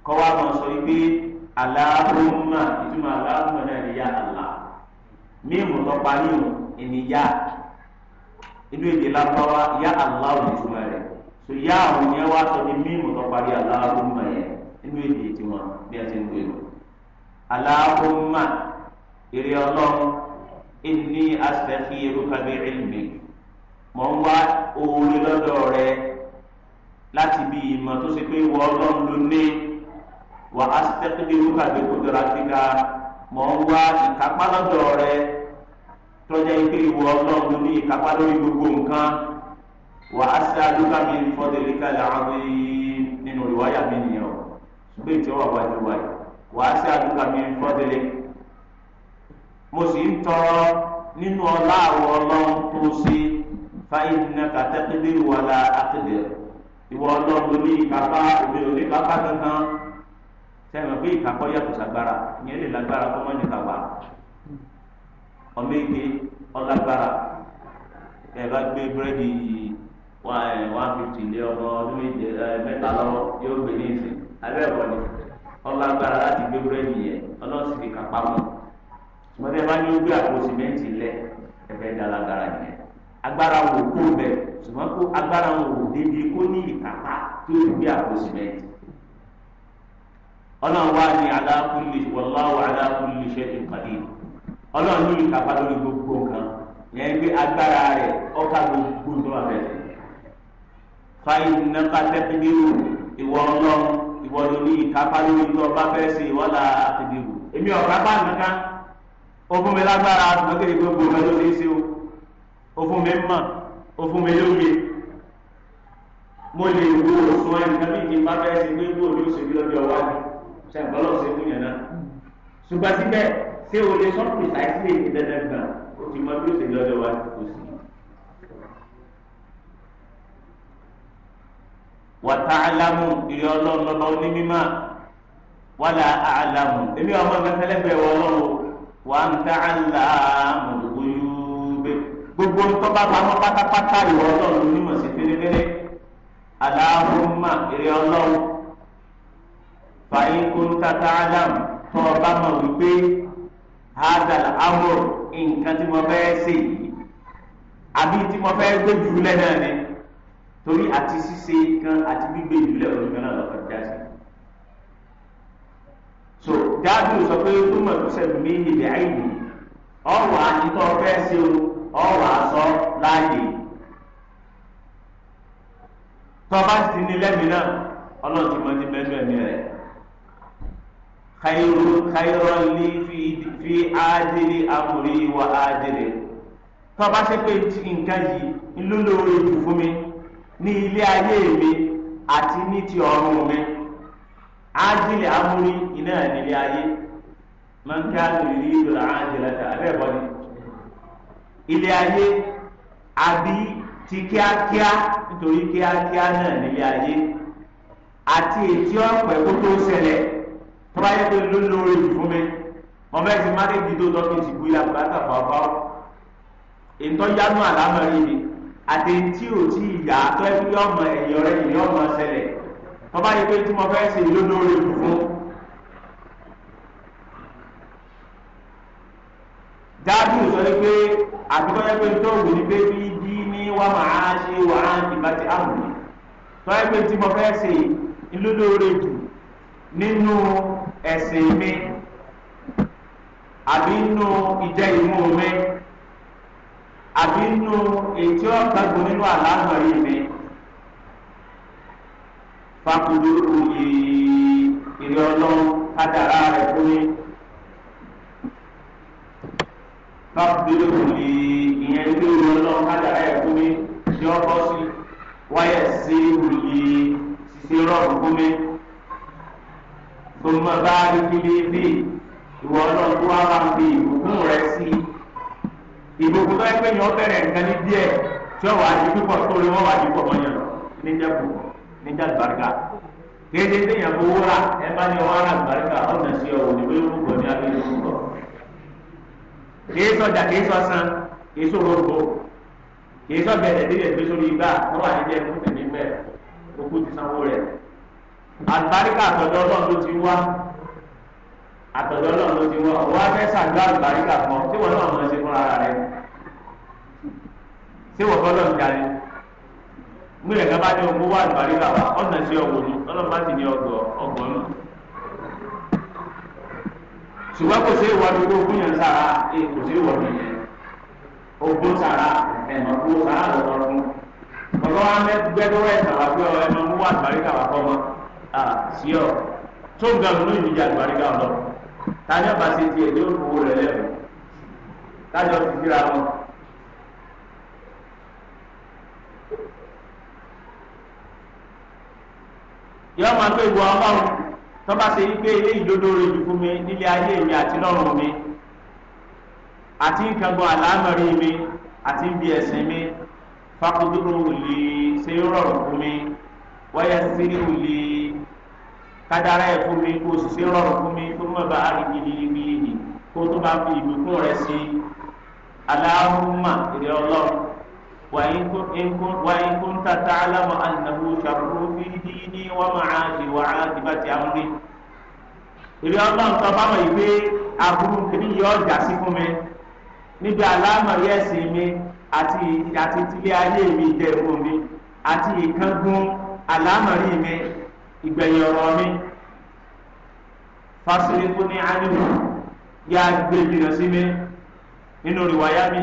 kọ́ wa mọ̀ sọ wípé aláhùnmá ìtumọ̀ aláhùnmá náà ni yá àlá mímu tó parí o ẹni yá inú èdè lápá wa yá àlá òní ìtumọ̀ rẹ̀ so yá àwọn yẹn wá sọ ní mímu tó parí aláhùnmá yẹn nínú èdè tiwọn bí a ti ń gbèrò. Allahumma èrè ọlọ́run inni astakhiruka bi ilmi mọ̀ ń wá oore lọ́dọ̀ rẹ láti bí ìmọ̀ tó ṣe pé ìwọ ọlọ́run ló ní wa astakhiruka bi qudratika mọ̀ ń wá ìkápá lọ́dọ̀ rẹ tọ́jà ìpè ìwọ ọlọ́run ló ní ìkápá lórí gbogbo nǹkan wa as'aluka min fadlika al-azim nínú ìwáyà mi nìyẹn bẹ́ẹ̀ tí wọ́n wá ju wáyé wàá sí àdúgbò mi fọ́délé mo sì ń tọrọ nínú ọlá àwọn ọlọ́run tó ṣe fáyín náà kàtẹ́kẹ́dé wàlá àtẹ̀dẹ̀ ìwọ ọlọ́run ló ní ìkápá òde òní kápá kankan sẹ́yìn pé ìkápá yàtọ̀ sàgbára ìyẹn lè lágbára kọ́ mọ́ni kàwá ọmọ èké ọlágbára ẹ bá gbé búrẹ́dì eh, one fifty lé ọmọ ọdún méje eh, mẹ́ta lọ́wọ́ yóò gbé ní ìsìn. abẹ́ ẹ̀kọ́ ni ọlọ́ agbára láti gbé búrẹ́dì yẹn ọlọ́run fi kà pamọ́ ṣùgbọ́n bí bá ní ó gbé àpò sìmẹ́ǹtì lẹ̀ ẹ̀fẹ́ da yẹn agbára wò kó bẹ̀ ṣùgbọ́n kó agbára wò débi kó ní ìkápá tó lè gbé àpò sìmẹ́ǹtì ọlọ́run ní ìkápá lórí gbogbo nǹkan yẹn gbé agbára rẹ̀ gbogbo tó wà bẹ̀rẹ̀ ìwọ ló ní ìkápá lórí tó ọba fẹ́ ṣe ìwọ́lá àtìdìbò èmi ọ̀gá bá nìkan ó fún mi lágbára lọ́kẹ́lẹ́ gbogbo ọmọ ló ṣe é ṣe o ó fún mi mọ̀ ó fún mi lóye mo lè wo òṣùwọ̀n ẹnìkan bí ìdí bá fẹ́ ṣe pé bó ní òṣèlú lọ́jọ́ iwájú ṣe ń bọ́lọ̀ ṣe fún yẹn náà ṣùgbọ́n síbẹ̀ ṣé o lè sọ pìsáìsì ìdẹ́dẹ́gbà ó ti mọ bí òṣèlú lọ́jọ́ iwájú kò sí. wàtá alamu ìrẹ ọlọ́run lọ́ba ó ní mímá wàlà alamu èmi ọmọ mẹsẹlẹ bẹ wọ ọlọ́run wà ń tẹ alamu oyúbe gbogbo ntọ́ba pamọ́ pátápátá ìwọ ọlọ́run onímọ̀ sí fẹ́rẹ́fẹ́rẹ́ aláhùnmá ìrẹ ọlọ́run fàyín kúńtà tọ́ ọba mọ̀ wípé hadal amúr nǹkan tí mo fẹ́ ṣe yìí àbí tí mo fẹ́ gbé jùlẹ̀ náà ni torí àti ṣíṣe kan àti gbígbé ìdúlẹ̀ olùkọ́ náà lọ́kọ̀ dá sí. so dáàbò sọ pé túmọ̀ tó sẹ́nu mí nílẹ̀ àìní ọ̀wà àtitọ́ fẹ́ ṣe o ọ̀wà sọ láàyè. tọ́ba ti ní lẹ́mìí náà ọlọ́run ti mọ ní bẹ́ẹ̀ ẹ̀mí rẹ̀. khayru khayran li fi ájèrè amòrí wa adiri. tọ́ba ṣe pé nǹkan yìí ńlọ́lọ́rọ̀ ètò fún mi ní ilé ayé mi àti ní ti ọ̀run mi ájílẹ̀ amúrí iná nílé ayé máa ń ká lórí ìdòrò ájílẹ̀ tà abẹ́ ẹ̀bọ ni ilé ayé àbí ti kíákíá nítorí kíákíá náà nílé ayé àti ètí ọ̀pẹ kó tó ṣẹlẹ̀ tó bá yẹ kó ló lóore jù fún mi ọmọ ẹ̀sìn má dé di tó tọ́ kí n sì kú ya bùkátà fàáfàá ètò yánú àlámọ̀ rí mi àti tí ò tí ìyá tó ẹbí ọmọ ẹ̀yọ rẹ ìyá ọmọ ṣẹlẹ̀ tọ́ba yìí pé tí mo fẹ́ ṣe lódóore fún. dáàbì sọ pé àtúntọ́ yẹ pé tó wù ní pé bí dí ní wà máa ṣe wà á ní bá ti àmì tọ́ yẹ pé tí mo fẹ́ ṣe lódóore jù nínú ẹ̀sìn mi àbí nínú ìjẹ́ ìmú mi àbí nínú ètí ọ̀gbàgbọ́ nínú àlànà yìí ni fakudú òye èrè ọlọ́run kádàrá rẹ̀ fún mi fakudú òye ìyẹn tí èrè ọlọ́run kádàrá rẹ̀ fún mi ṣé ọkọ sí wáyà sí òye ṣíṣe rọrùn fún mi tó mọ bá rí kílé bí ìwọ ọlọ́run tó wá máa fi ìbùkún rẹ̀ sí i ìgbòkú tó yẹ pé yàn bẹ̀rẹ̀ nǹkan ní díẹ̀ tí wọ́n wà á di púpọ̀ sórí wọ́n wà á di pọ̀ mọ́ yẹn lọ níjà kù níjà gbàrúgà kéde tí yàn fowó rà ẹ bá ní ọwọ́ rà gbàrúgà ọ̀nà sí ọ̀wọ̀ ní bóyá ó kọ̀ ní abẹ́ ìlú kọ̀ kìí sọjà kìí sọ san kìí sọ rògbò kìí sọ bẹ̀rẹ̀ díẹ̀ gbé sórí igbá wọ́n wà níjẹ́ fún tẹ̀lé bẹ́ẹ̀ okú ti sanwó rẹ̀ àlùbáríkà àtọ̀dọ̀ ọlọ́run ló ti wá àtọ̀dọ̀ ọlọ́run ló ti wá wọ́n se wọ́n bọ́lọ̀ ń darí mú ẹ̀ka bá ní owó wà lùbárí là wá ọ̀nà sí ọ̀wọ̀ nù ọlọ́run bá sì ní ọgbọ̀ ọgbọ̀n nù. ṣùgbọ́n kò sí ìwọ́n ní ogún yẹn sára kò sí ìwọ́n ní ogún sára ẹ̀mọ́ kó sára lọ́wọ́ fún ọlọ́wọ́ mẹ́gbẹ́dọ́wọ́ ẹ̀sán wá pé ẹ̀mọ́ mú wà lùbárí là wá fọ́mọ́ sí ọ tó ń gbàgbọ́ ní ìdíje àlùbárí là ọ̀dọ́ tájọ́ bá ṣe tiẹ̀ yóò fowó rẹ̀ yọ máa pé ìwọ ọlọ́run tó bá ṣe wípé ilé ìdodo rẹ̀ jù fún mi nílé ayé mi àti lọ́run mi àti nkankan àlámọ̀rí mi àti bí ẹ̀sìn mi fakudúró wùlí ṣe rọrùn fún mi wáyà sírí wùlí kádàrá ẹ̀ fún mi kó o sì ṣe rọrùn fún mi kó má bàa rí gbìlìgbìlì kó tó bá fi ìbùkún rẹ̀ sí aláhùnmá ìdí ọlọ́run. وإن كنت تعلم أنه شر في ديني ومعاشي وعاقبة أمري ìrí ọlọ́run tó bá mọ̀ yìí pé aburú kìíní yọ ọjà sí fún mi níbi àlámọ̀rí ẹ̀sìn mi àti àti tílé ayé mi ìdẹ̀rùn mi àti ìkángun àlámọ̀rí mi ìgbẹ̀yìn ọ̀rọ̀ mi fásilẹ̀ tó ní ánìmọ̀ yá gbé jìnnà sí mi nínú ìwáyà mi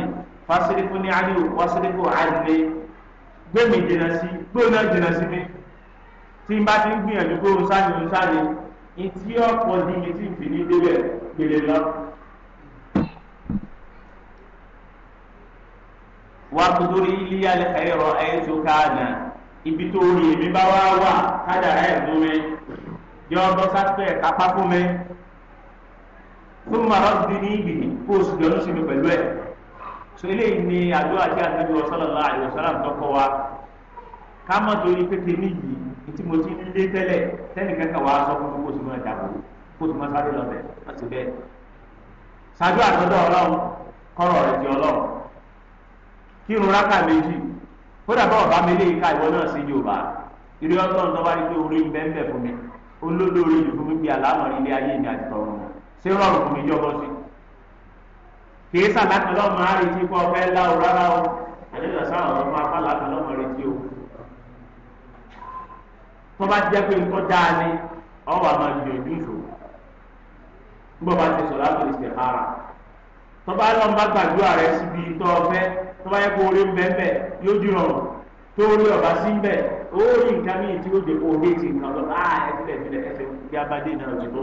fasiriku ní aliyu wasiriku alile gbé mi jìnnà sí gbóná jìnnà sí mi tí n bá ti ń gbìyànjú kó n sáré n sáré etí ọ̀pọ̀ ní mi tí n fi ní débẹ̀ gbèrè lọ. wà á kúndórí ilé alẹ́ ẹ̀rọ ẹ̀yẹ tó káàdà ibi tó rí èmi bá wá wà kádàrá ẹ̀ mú mi yọ ọdọ sátúpẹ̀ kápá fún mi fún màrọ́ọ̀dì ní ibì kó o sì jọ lóṣèlú pẹ̀lú ẹ̀ so eléyìí ni àdúrà tí àtẹ́bí sallallahu alaihi wasallam tọkọ wa ká má torí pété níyì tí mo ti lé tẹ́lẹ̀ tẹ́lẹ̀ kẹ́kẹ́ wàá sọ fún mi kó o sì máa dàgbò kó o sì máa sáré lọ bẹ̀ wọ́n ti bẹ́ẹ̀ ṣáájú àtọ́dọ̀ ọlọ́run kọ́rọ̀ rẹ̀ di ọlọ́run kí irun rákà méjì kódà bá ọba mi léyìí ká ìwọ náà sí yorùbá ilé ọlọ́run tó bá rí pé orí bẹ́ẹ̀ bẹ́ẹ̀ fún mi olódó orí gbé àlámọ̀ ilé ayé mi àti tọ̀run ṣé rọrùn fún mi jọ́bọ́ sí i. kì í sàlá kan lọ́mọ ọfẹ́ o rárá o àdéhùn sáà ọ̀rọ̀ fún lọ́mọ retí o tó bá jẹ́ pé nǹkan dáa ni ọwọ́ àmọ́ nígbà bá ti sọ̀rọ̀ àtòlì ṣe ara tó bá lọ́n bá gbàdúrà rẹ síbi bá yẹ kó o dé ti nǹkan lọ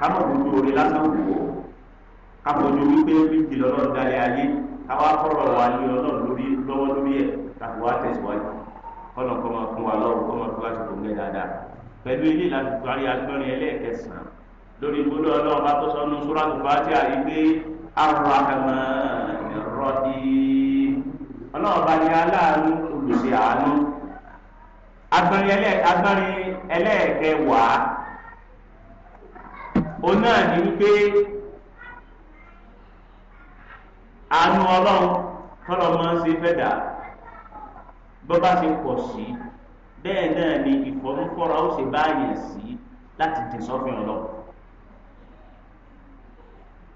kámọ̀ gbogbo orí lásán wò ó kápọ̀jù wípé méjì lọ́lọ́run dalẹ̀ ayé káwá kọ́rọ̀ wà ní ọlọ́run lórí lọ́wọ́ lórí ẹ̀ tàbí wá tẹ̀síwájú kọ́nà kọ́ máa fún wa lọ́wọ́ kọ́ máa fún wa ṣòkò ńlẹ̀ dáadáa pẹ̀lú ilé ìlànà ìparí agbọ́nrin ẹlẹ́ẹ̀kẹsàn lórí gbọ́dọ̀ ọlọ́run bá tó sọnù sóràtù fàájì àyè pé àrùn àkàmà ẹ̀rọ ti ọlọ́run bá ní aláàánú olùṣe àánú agbọ́nrin ẹlẹ́ẹ̀kẹwàá òun náà ní wípé àánú ọlọ́run tọ́lọ́ máa ń ṣe fẹ́ dà bọ́bá ṣe pọ̀ sí bẹ́ẹ̀ náà ni ìfọ̀rúnfọ́ra ó ṣe báyẹn sí láti dè sọ́fìn ọlọ́run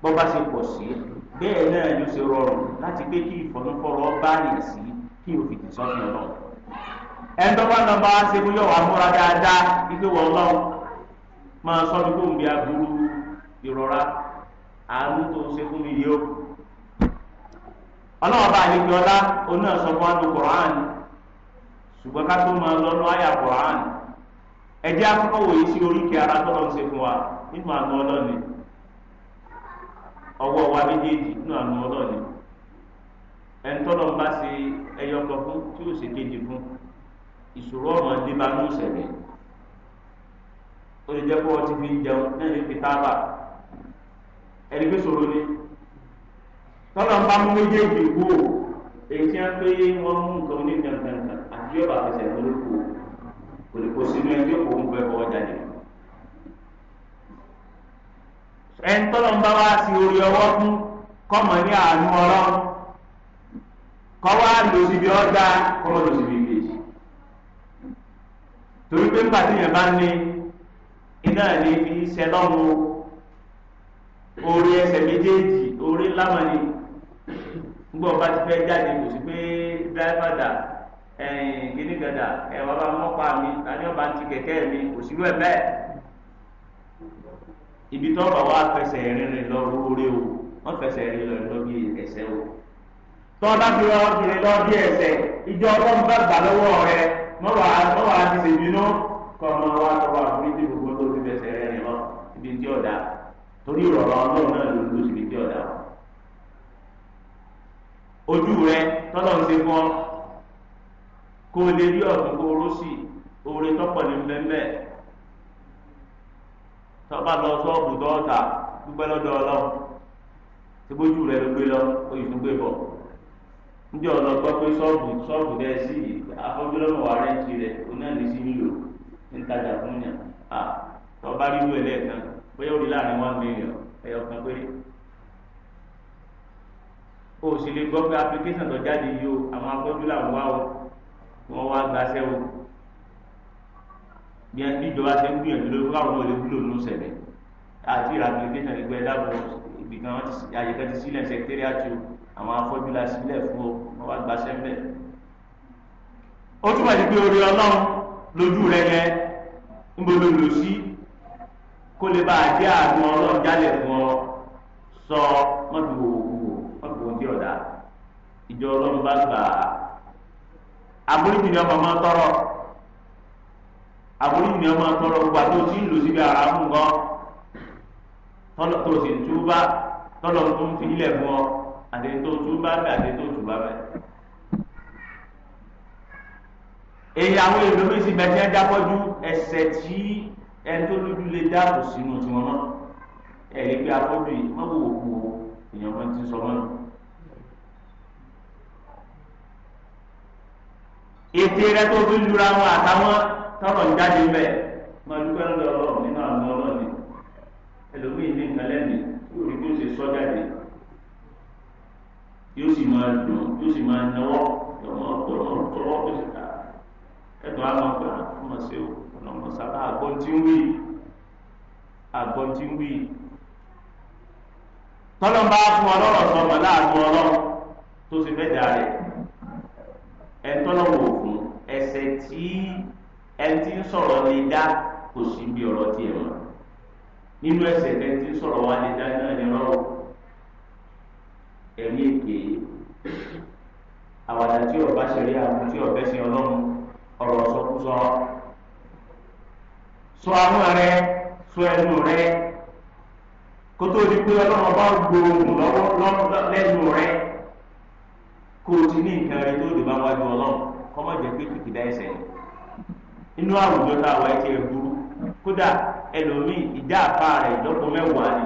bọ́bá ṣe pọ̀ sí bẹ́ẹ̀ náà ló ṣe rọrùn láti gbé kí ìfọ̀nùfọ̀rọ̀ báyìí sí kí o fi tì sọ́ọ̀nù ọlọ́run. ẹ̀ńdọ́gbà náà bá ṣe mú yọ̀wá múra dáadáa wípé wọ́n máa sọ ní kóńbi aburú ìrora àánú tó ṣe fún mi yìí ó ọlọ́wọ́ bá àlejò ọlá oní ọ̀sán fún àánú Qur'an ṣùgbọ́n ká tó máa lọ́nu àyà Qur'an ẹ̀jẹ̀ akọ́kọ́ wòye sí oríkèé ara tó lọ́n ṣe fún wa nínú àánú ọlọ́ni ọwọ́ wa méjèèjì nínú àánú ọlọ́ni bá ṣe fún tí yóò ṣe fún ìṣòro ọmọdé bá ó lè jẹ́ pé ọtí fi ń jẹun náà ní kìtáàbà ẹni pé sòrò ni tọ́lọ̀ ń bá mú méjèèjì wò ó èyí tí wọ́n pé wọ́n mú nǹkan ní gbẹ̀ngbẹ̀ngbẹ̀ àti yóò bá fẹsẹ̀ lórúkọ kò lè kó sínú ẹni tí kò ń bẹ ọwọ́ jáde. ẹni tọ́lọ̀ ń bá wá sí orí ọwọ́ fún kọ́mọ ní àánú ọlọ́run kọ́ lò síbi ọ̀dà kọ́mọ lò síbi kejì torí pé nígbà tí yẹn bá ní náà ní bí sẹlọ́mù orí ẹsẹ̀ méjèèjì orí lámà ni gbọ́ bá ti fẹ́ jáde kò sí pé dáìfà dà ẹ̀yìn gínígàdà ẹ̀wà bá mọ́pá mi tani ọba ti kẹ̀kẹ́ mi kò sí lóẹ̀ bẹ́ẹ̀ ibi tó bá wà fẹsẹ̀ rìnrìn lọ rúurú o wọ́n fẹsẹ̀ rìn lọ lọ bí ẹsẹ̀ o tọ́ bá fi wọn rìn lọ bí ẹsẹ̀ ìjọ ọgbọ́n bá gbà lọ́wọ́ rẹ mọ́wàá mọ́wàá ti ṣèbínú kọ́ ọmọ wa tọwọ́ àforíjì gbogbo ibi tí ọ̀dà torí ìrọ̀rọ̀ ọlọ́run náà ló lù síbi tí ọ̀dà wọn. ojú rẹ tọ́lọ̀ ń ṣe fún ọ kó o lè rí ọ̀tún kó o ró sí oore tọ́pọ̀ ní mbẹ́mbẹ́ tọ́ba lọ sọ́ọ̀bù tọ́ọ̀tà dúpẹ́ lọ́dọ̀ ọlọ́run ṣe bójú rẹ ló gbé lọ oyè tó gbé bọ̀ ndí ọ̀nà gbọ́ pé sọ́ọ̀bù sọ́ọ̀bù dẹ́ sí afọ́jọ́lọ́wọ́ ààrẹ rẹ̀ onáà ní sí nílò ń tajà fún yàn tọ́ba rí wẹ̀ lẹ́ẹ̀kan bóyá òrìlà ni one million ẹyọ kan péré o sì lè gbọ́ pé application tó jáde yìí o àwọn afọ́jú làwọn wá o wọ́n wá gbaṣẹ́ o bí ẹni ìjọba ṣe ń gbìyànjú lórí káwọn náà lè wúlò ló ń ṣẹlẹ̀ àti ìrà application ẹgbẹ́ dábò ibìkan àyíká ti sílẹ̀ secretariat o àwọn afọ́jú la sílẹ̀ fún o wọ́n wá gbaṣẹ́ mbẹ́ ó túmọ̀ sí pé orí ọlọ́run lójú rẹ yẹn ń bolo lò sí kó lè bá a jẹ́ àdùn ọlọ́run jálẹ̀ fún ọ sọ mọ́tò wò wò mọ́tò wò ń tí ọ̀dà ìjọ ọlọ́run bá gbà á àforíjì ni ọmọ máa tọrọ àforíjì ni ọmọ máa tọrọ gbà tó ti ń lò síbi àrà fún gan tọ́lọ̀ tó sì ń túbá tọ́lọ̀ tó ń fi ilẹ̀ fún ọ àti tó túbá bẹ́ẹ̀ àti tó túbá bẹ́ẹ̀. èyí àwọn èèyàn mi sì bẹ̀rẹ̀ jápọ́jú ẹsẹ̀ tí ẹni tó dúdú lè dáàbò sínú tiwọn náà ẹ̀rí pé afọ́jú yìí má wò wò kú èèyàn máa ti sọ mọ́nà. ètè rẹ tó fi lura wọn àtàwọn tọrọ ń jáde mbẹ máa dúpẹ́ lọ́dọ̀ ọlọ́run nínú àwọn ọlọ́ọ̀ni ẹlòmíín ní nǹkan lẹ́nu yóò rí bí ó ṣe sọ jáde yóò sì máa dùn yóò sì máa náwó yọmọ ọgbọ̀n ọgbọ̀n ọgbọ̀n ẹ̀dùn àwọn ọgbà ọmọ sí òkú ọ̀sán àgbọ̀n tí ń wí àgbọ̀n tí ń wí tọ́lọ́ bá fún ọlọ́rọ̀ sọ̀mọ́ láàánú ọlọ́rọ̀ tó ti fẹ́ dà rẹ̀ ẹ̀ tọ́lọ́ wò fún ẹsẹ̀ tí ẹ ti ń sọ̀rọ̀ lè dá kò sí bí ọ̀rọ̀ tiẹ̀ mọ́ nínú ẹsẹ̀ tẹ́ ti ń sọ̀rọ̀ wá lè dá náà ní ọlọ́rọ̀ ẹ̀rí èké àwàdà tí ọba ṣẹlẹ̀ àwọn tí ọbẹ̀ ṣe ọlọ́run ọ̀rọ̀ sọkúsọ ṣọ́ ahọ́n rẹ ṣọ́ ẹnu rẹ kótó di pé ọlọ́run bá gbòòrùn lọ́wọ́ lẹ́nu rẹ kó o ti ní nǹkan rẹ tó lè bá wájú ọlọ́run kọ́ mọ̀ jẹ́ pé kìkì dá ẹsẹ̀ inú àwùjọ tá a wáyé ti ẹ̀ burú kódà ẹlòmíì ìdá àpá rẹ̀ ìlọ́po mẹ́wàá ni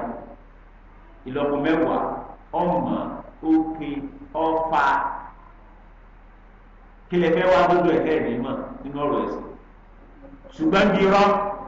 ìlọ́po mẹ́wàá ọmọ òkè ọfà kílẹ̀ fẹ́ wá gbọ́dọ̀ ẹ̀kẹ́ rẹ̀ mọ̀ nínú ọ̀rọ̀ ẹ̀sìn ṣùgbọ́n bí irọ́.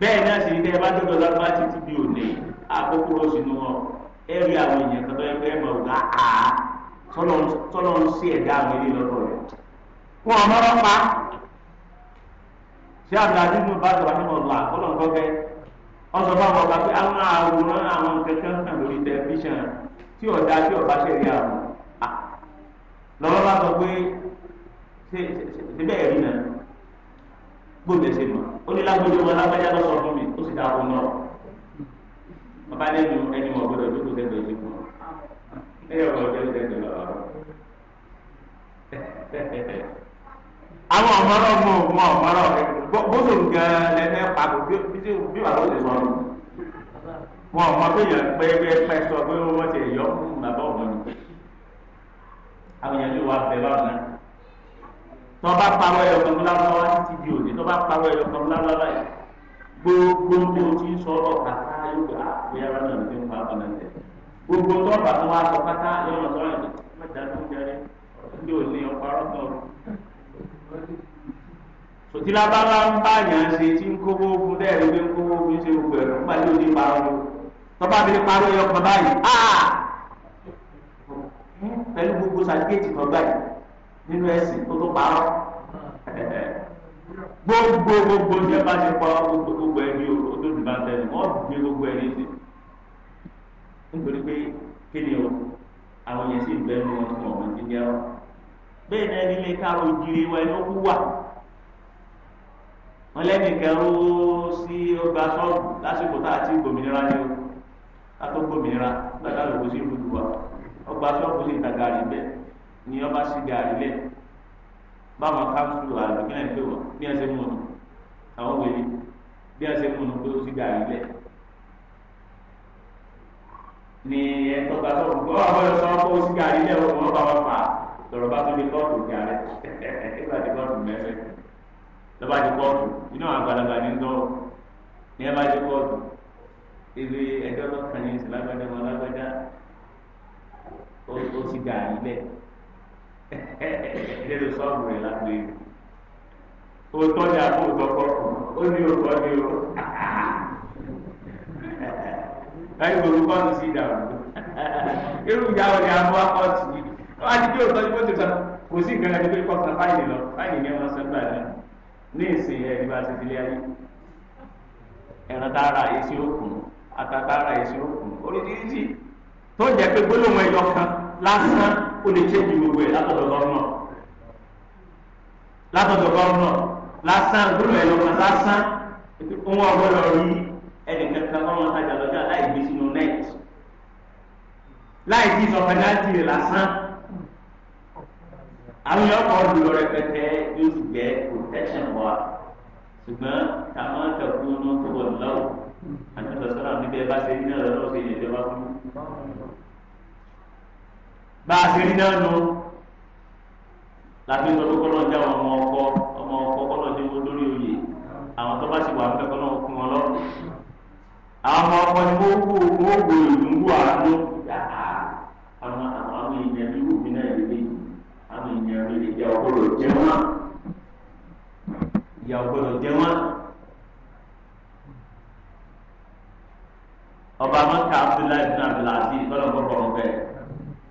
bẹ́ẹ̀ náà sì ní bẹ́ẹ̀ bá dọ́dọ̀ lápá títí bí òde àkókò lọ sínú wọn ẹ rí àwọn èèyàn kan tó yẹ fẹ́ mọ̀ ọ̀gá à tọ́lọ́ ń sí ẹ̀dá àwọn ilé lọ́dọ̀ rẹ̀ fún ọmọ ọlọ́pàá ṣé àmì àdúgbò bá tọ̀ nínú ọ̀la kọ́lọ̀ ń kọ́kẹ́ ọ̀sọ̀ bá wọn gbà pé àwọn àwòrán àwọn kẹ̀kẹ́ kan lórí tẹlifíṣàn tí ọ̀dà tí ọ̀bá ṣe rí àwọn lọ́wọ́ bá sọ pé ṣe bẹ́ẹ̀ rí náà gbóòdù ẹsẹ̀ mọ̀ ó ní lágbójú ọmọ alágbájá lọ sọ fún mi ó sì dáa fún mọ́ bàbá lẹ́nu ẹni mọ̀ gbọdọ̀ tó kó sẹ́gbẹ̀ẹ́ sí fún ọ ẹ̀yọ̀ gbọdọ̀ tó sẹ́gbẹ̀ẹ́ lọ àwọn ọmọọrọ mọ ọmọ ọmọọrọ gbọdọ̀ gan lẹ́nu pa bí wàá lóde sọ wọn ọmọ tó yàn pẹ́ẹ́pẹ́ẹ́pẹ́ sọ pé wọ́n ti yọ fún bàbá ọmọ ni àwọn yẹn ló wà bẹ́ẹ̀ báwọn náà tọ́ bá parọ́ ẹ̀rọ kan lárúbáwá títí di òní tọ́ bá parọ́ ẹ̀rọ kan lárúbáwá yẹn gbogbo tó ti sọ̀rọ̀ kàkà yóò gbà bóyá wọn náà ti ń pa ọ̀nà tẹ̀ gbogbo tó bá tó wá sọ kàkà yóò lọ sọ̀rọ̀ yẹn mẹ́ta tó ń jẹrẹ ní òní ọparọ́ tọ̀ sotilabala ń bá yàn ṣe tí ń kówó fún dẹ́rẹ́ bí ń kówó fún ṣe gbogbo ẹ̀rọ ń pàdé òní parọ́ tọ́ba bí parọ́ ẹ̀rọ kan báyìí pẹ̀lú gbogbo sàkéètì kan báyìí nínú ẹ̀sìn tó tó parọ́ gbogbo gbogbo ní ẹ bá ṣe pa gbogbo gbogbo ẹni o tó dùn bá tẹ̀lé wọ́n gbé gbogbo ẹni sí nítorí pé kéde o àwọn yẹn sì bẹ́ẹ̀ ní wọn tó wọn ti jẹ́ ọ bẹ́ẹ̀ náà nílé káàró jíire wa ẹni ó kú wà wọn lẹ́nìkan ó sí ọgbà sọ́ọ̀bù lásìkò tá a ti gbòmìnira ni o látó gbòmìnira gbàdá lòkó sí ìlú wa ọgbà sọ́ọ̀bù sì ń tàgàrí bẹ́ẹ̀ ni wọ́n bá ṣe gàrí lẹ̀ báwọn kápsù àlùkílẹ̀ ń pè wọ́n bí wọ́n ṣe mú un àwọn wẹ̀lẹ̀ bí wọ́n ṣe mú un pé ó ṣe gàrí lẹ̀ ni ẹ̀tọ́ bá tó gbọ́ àwọn ẹ̀sọ́ kó ṣe gàrí lẹ̀ wọ́n bá wọn fà lọ́rọ̀ bá tó di kóòtù gàrí nígbà tí kóòtù mẹ́fẹ́ lọ́ba di kóòtù inú àgbàlagbà ní ńlọrọ̀ ní ẹ bá di kóòtù ibi ẹjọ́ tó kàn ní ìsìlágbájá wọn lágbájá ó ṣe gàrí lẹ̀ nínú sọ́ọ̀mù rẹ̀ láti rí òótọ́ ni àbó òtọ́kọ́ ó ní òótọ́ ni ó láyé gbogbo bọ́ọ̀lù sí ìdàrú irú ìjà wọn ni àbó akọ́ọ̀tù yìí wọ́n á ti dé òótọ́ ni wọ́n ti sọ kò sí nǹkan kan ní pé kọ́ọ̀tù fáìlì lọ fáìlì ni wọ́n sọ gbà náà ní ìsìn ẹ̀rí bá ti fi lé ayé ẹ̀ràn tá a ó lè tẹ́jú gbogbo ẹ̀ látọ̀dọ̀ gọ́ọ̀nà látọ̀dọ̀ gọ́ọ̀nà lásán gbọ́dọ̀ ẹ̀ lọ́kàn lásán òun ọ̀gbọ́dọ̀ rí ẹnìkan kan ọmọ tajà lọ́jà láì gbé sínú net láì sí ìsọfẹ́dáàtì rẹ̀ lásán àwọn yóò kọ́ ọdún lọ rẹpẹtẹ yóò sì gbẹ protection wa ṣùgbọ́n táwọn tẹ̀kún ní tọwọ́ lọ́wọ́ àti tọ́sọ́nà níbi ẹ bá ṣe ní ọ̀rọ̀ lọ́wọ́ ṣe yẹn lọ́wọ́ fún bá a ṣe rí náà nù láti sọ pé kọ́lọ́ jẹ́ àwọn ọmọ ọkọ ọmọ ọkọ kọ́lọ́ jẹ́ wọn lórí oyè àwọn tó bá sì wà nípa kọ́lọ́ fún wọn lọ. àwọn ọmọ ọkọ ni wọ́n wò wọ́n wò ìlú ń wò àánú àwọn àwọn èèyàn bí wù mí náà lè lè àwọn èèyàn mi lè jẹ́ ọgbọ́dọ̀ jẹ́ wọn ìyá ọgbọ́dọ̀ jẹ́ wọn. ọba mọ́ta abdullahi bin abdullahi sọ́dọ̀ kọ́kọ́ ọ̀bẹ.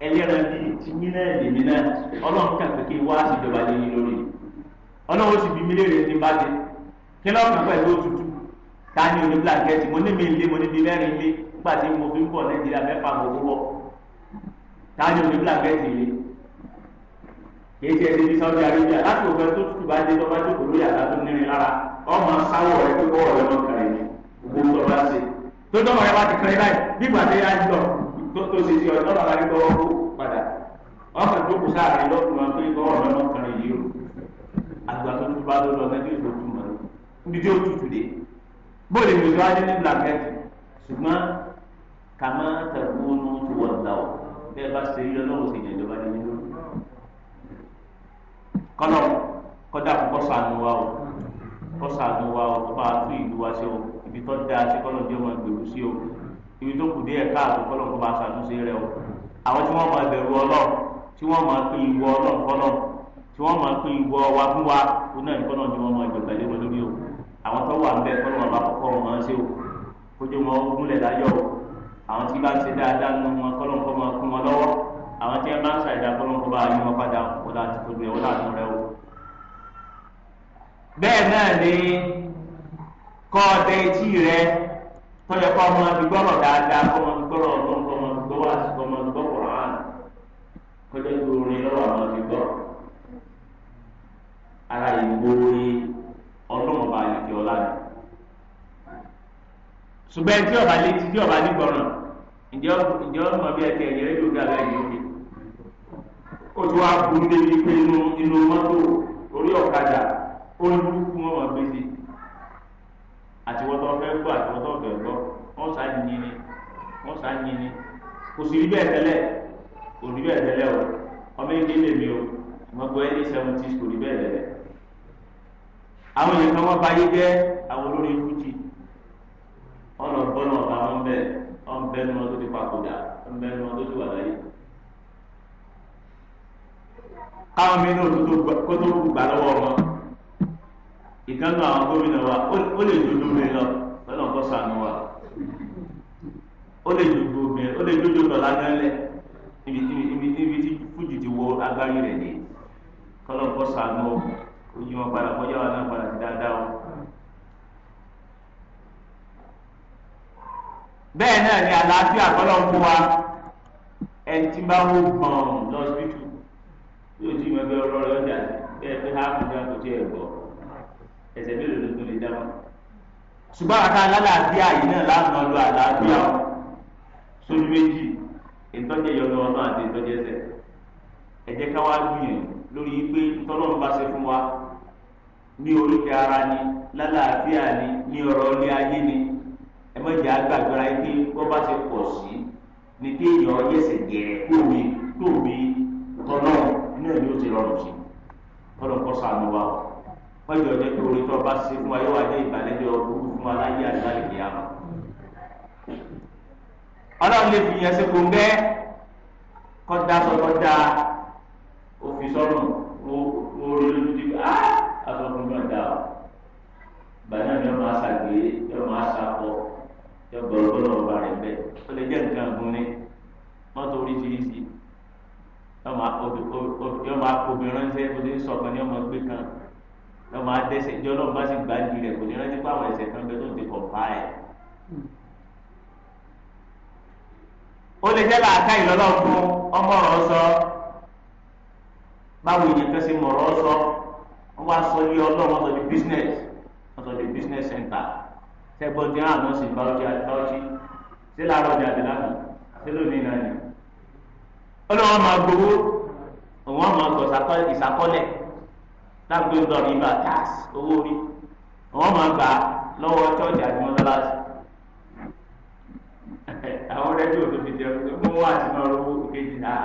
ẹyẹrẹ bíi ti yín náà lèmi náà ọlọ́run kàn pé kí n wá síjọba lé yín lórí ọlọ́run sì bí mi léèrè ní bá dé kí ta ni oní blanketi mo ní mi ilé mo ní mi mẹ́rin ilé nígbà tí mo fi ń bọ̀ ta ni blanketi ilé kì í ṣe Arabia láti tó tutù bá dé tó tó nírin lára ọmọ rẹ tó ọ̀rẹ́ mọ̀ kàrẹ́ gbogbo tó bá ṣe tó dọ́mọ̀ bá tó ṣe ti ọjọ́ bàbá yìí tọwọ́ kó padà ọkàn tó kù sáà rẹ̀ lọ́kùnrin wọn pé tọwọ́ rẹ̀ lọ́kùnrin yìí o àgbà tó tún bá tó lọ sẹ́ni tó tún mọ̀ níbi tí ó tutù dé bóòlù ìwòsàn wájú ní blanket ṣùgbọ́n kàmá tẹ̀kúnnú tó wọ̀ ń dáwọ̀ bẹ́ẹ̀ bá ṣe yíyọ lọ́wọ́ sí ìyẹn ìjọba nínú kọ́lọ̀ kọ́dà kọ́ sànù wa o kọ́ sànù wa o kọ́ bá a tún ìlú wa ṣe o ibi tó dáa sí kọ́lọ̀ jẹ́ wọn gbèrú sí o ibi tó kù díẹ̀ káàtó kọ́lọ̀ kó bá ṣàtúnṣe rẹ̀ o àwọn tí wọ́n máa bẹ̀rù ọlọ́run tí wọ́n máa pín ìwọ ọlọ́run fọlọ́ tí wọ́n máa pín ìwọ wa fún wa ó náà nìkan náà ni wọ́n máa gbẹ̀gbẹ̀ lé wọn lórí o àwọn tó wà níbẹ̀ kọ́lọ̀ wọn bá kọ́kọ́ wọn máa ṣe o kójú wọn gúnlẹ̀ láyọ̀ o àwọn tí bá ń ṣe dáadáa nínú wọn kọ́lọ̀ kọ́ máa kún wọn lọ́wọ́ àwọn tí wọn bá ń ṣàìdá kọ́lọ̀ kọ́ bá yí wọn padà ó o. bẹ́ẹ̀ náà ni kọ́ ọdẹ etí rẹ tọ́jà kọ́ ọmọ ìgbọ́rọ̀ dáadáa kọ́ ọmọ ìgbọ́rọ̀ ọmọ ìgbọ́ wá ọmọ kọjá ara ọba létí tí ọba nígbọràn ọmọ bí ẹ̀yẹ ó ti wá pé inú mọ́tò orí ọ̀kadà ó àtiwọ́tọ́ fẹ́ gbọ́ àtiwọ́tọ́ fẹ́ gbọ́ wọ́n sá nyini wọ́n sá nyini kò sì rí bẹ́ẹ̀ tẹ́lẹ̀ kò rí bẹ́ẹ̀ tẹ́lẹ̀ o ọmọ yìí nílé mi o gbogbo ẹni seventies kò rí bẹ́ẹ̀ tẹ́lẹ̀ àwọn yìí kan wọ́n bá yé jẹ́ àwọn olórí fújì wọ́n lọ bọ́ náà bá wọn bẹ́ẹ̀ wọ́n bẹ́ẹ̀ ni wọ́n tó ti papòdà wọ́n bẹ́ẹ̀ ni wọ́n tó ti wà láyé. káwọn mi ní òtútù kótó gbà lọ́wọ́ wọn. ìkànnì àwọn gómìnà wa ó lè dodo mi lọ lọ́nà kọ́ sànù wa ó lè dodo mi ó lè dodo lọ lágbẹ́lẹ́ ibi ibi ibi tí fújì ti wo agbárí rẹ̀ ni kọ́nà kọ́ sànù o wọn padà kọjá wa náà padà ti dáadáa o. bẹ́ẹ̀ náà ni àlàáfíà kọ́nà wa ẹni tí bá gbọ̀n yóò ìmọ̀ ẹgbẹ́ ọjà bẹ́ẹ̀ ẹsẹ̀ mélòó ló tún lè dá wọn. ṣùgbọ́n àká alálàáfíà yìí náà láti máa lo àlàáfíà wọn sójú méjì ìtọ́jú ìyọnu ọ̀nà àti ìtọ́jú ẹsẹ̀ ẹ jẹ́ ká wá gbìyànjú lórí pé tọ́lọ́ bá ṣe fún wa ní oríkè ara ni lálàáfíà ni ní ọ̀rọ̀ ní ayé ni ẹ má jẹ́ àgbàgbọ́ra yìí pé wọ́n bá ṣe pọ̀ sí ni kéèyàn yẹsẹ̀ gẹ̀ẹ́ tóbi tóbi tọ́lọ́ náà ni ó ti rọrùn sí tọ́lọ́ kọ́ sànù wa o wọ́n yọ ọjọ́ pé orí tó ọba ṣe fún wa yóò wá jẹ́ ìbàlẹ́jọ́ burú fún wa láyé àdúrà ìyá wọn. ọlọ́run lè fi yẹn ṣe kó ń bẹ́ kọ́dá sọ kọ́dá òfin sọ́nù wọ́n rí lójú tí a àtọ́kùn náà dá o. bàtà mi ọmọ àṣàgbé ọmọ àṣàkọ ẹgbẹ́ ọgbọ́n ọba rẹ̀ bẹ́ẹ̀ ó lè jẹ́ nǹkan ọ̀gbun ni mọ́tò oríṣiríṣi ọmọ akóbi ránṣẹ́ ó ti ń sọ̀kan ní ọmọ gbé kan ẹ máa dẹ́ṣẹ̀ ìjọ náà bá sì gbájú rẹ̀ kò ní rántí pé àwọn ẹ̀ṣẹ̀ kan bẹ tó ń ti kọ̀ pa ẹ̀. ó lè jẹ́ làákà ìlọ́lọ́ fún ọmọ ọ̀rọ̀ sọ báwo èèyàn kan ṣe mọ̀ ọ̀rọ̀ sọ wọ́n wá sọ yí ọlọ́run ọ̀tọ̀ di business ọ̀tọ̀ di business center ṣẹ́gbọ́n ti hàn lọ́sìn báwọ́jì àti báwọ́jì ṣé láàárọ̀ ọjà àti lánàá àti lónìí náà ni. ó lọ́wọ́ máa gbowó òun á máa gbọ̀ ìsàkọ́lẹ̀ lágbé dọ̀rọ̀ ibà tax owó orí wọ́n máa gbà lọ́wọ́ chọ́ọ̀chì àti mọ́sálásì àwọn rẹ́díò tó fi jẹun tó mú wá àti náà lówó kejì náà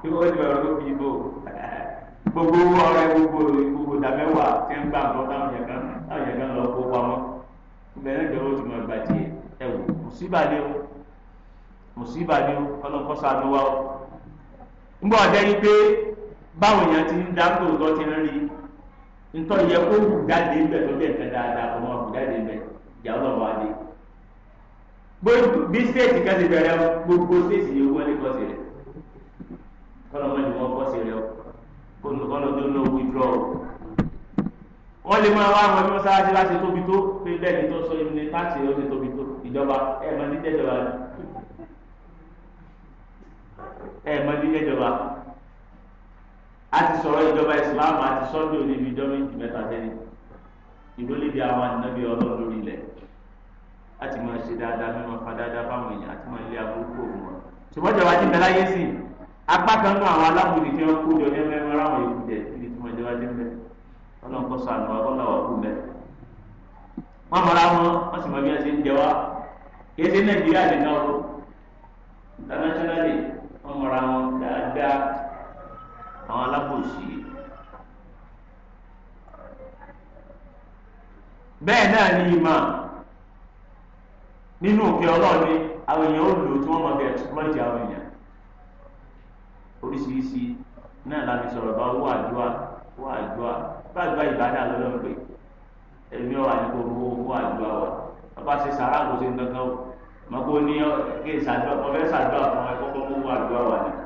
tí wọ́n ti lọ́ọ́ gbogbo owó gbogbo gbogbo dàmẹ́wàá tí ń gbà bọ́ táwọn yẹn kan táwọn yẹn kan kó pamọ́ bẹ́ẹ̀ tiẹ̀ wò ọlọ́kọ́ wa ntọ́ yẹ kó wù jáde bẹ̀ tó bẹ̀ kẹ́ dáadáa ọmọ wù jáde bẹ̀ ìjà ọlọ́wọ́ adé bí stéètì kan ti bẹ̀rẹ̀ gbogbo stéètì yìí wọlé kọ́sì rẹ̀ kọ́lọ́mọ́ ni wọ́n kọ́sì rẹ̀ kọ́lọ́ tó lọ withdraw wọ́n lè máa wá àwọn ẹgbẹ́ mọ́sálásí láti tóbi tó pé bẹ́ẹ̀ ni tó sọ ní táàsì ó ti tóbi tó ìjọba ẹ̀ máa ní jẹ́jọba ẹ̀ máa ní jẹ́jọba a ti sọ̀rọ̀ ìjọba ìsìláàmù àti sọ́ndé oníbi ìjọ méjì mẹ́ta tẹ́lẹ̀ ìdólé bí àwọn ànábì ọlọ́run lórí ilẹ̀ láti máa ṣe dáadáa mímọ́ fa dáadáa fáwọn èèyàn àti máa lé aburúkú òun wọn. ṣùgbọ́n ìjọba ti bẹ láyé sí apá kan nínú àwọn alábòdì tí wọ́n kó jọ ní ẹgbẹ́ mẹ́rin àwọn èkó jẹ níbi tí wọ́n jẹ́ wájú mẹ́ ọlọ́run kọ́ sànù wa kọ́lá wà kú mẹ́. wọ́n mọ̀ra wọn wọ́n sì mọ bí wọ́n ṣe ń jẹ wá kìí nàìjíríà nìkan o internationally wọ́n mọ̀ra wọn dáadáa àwọn alábòsí. bẹ́ẹ̀ náà ni ìmọ̀ nínú òfin ọlọ́ọ̀ni àwọn èèyàn ó lò tí wọ́n máa fi ẹ̀sìpọ́lìtì àwọn èèyàn oríṣiríṣi náà la sọ̀rọ̀ bá owó àdúrà owó àdúrà bá àdúrà ìbádà lọ́dọ̀ pé ọ̀ owó bàbá ṣe sàrà kò nǹkan kan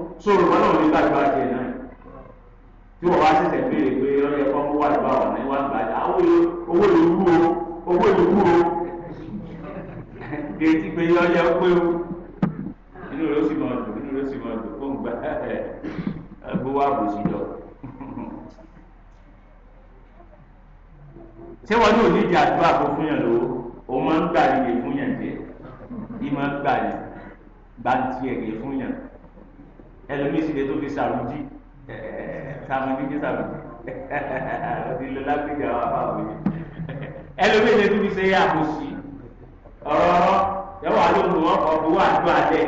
sóòrò wọn náà ní gbàgbọ́ àti ẹ̀ náà tí wọ́n wá ṣẹ̀ṣẹ̀ béèrè pé ọ̀rẹ́ ẹ̀kọ́ mú wà lọ́wọ́ àwọn ẹ̀wà ń gbàjà owó ìlú wúro owó ìlú wúro kéétí pé ọ̀rẹ́ ẹ̀ pé o inú rẹ̀ ó sì máa dùn inú rẹ̀ ó sì máa dùn kó ń gbà ẹ̀ gbówó àbòsí lọ. ṣé wọn ní òní ìdí àdúrà tó fún yàn lówó o máa ń gbà nìyẹn fún yàn jẹ ìmọ̀ ń gbà ní gbàǹtì ẹ̀gẹ̀ fún yàn ẹlòmíì sì lè tó fi sàrùjì sàmù ní fi sàrùjì ọdún ìlú lágbègbè àwọn àbáwò yìí ẹlòmíì lè tó fi ṣe àkóso ọ̀rọ̀ yẹwà ló ń wọ́n kọ́ fún wàá dùn àlẹ́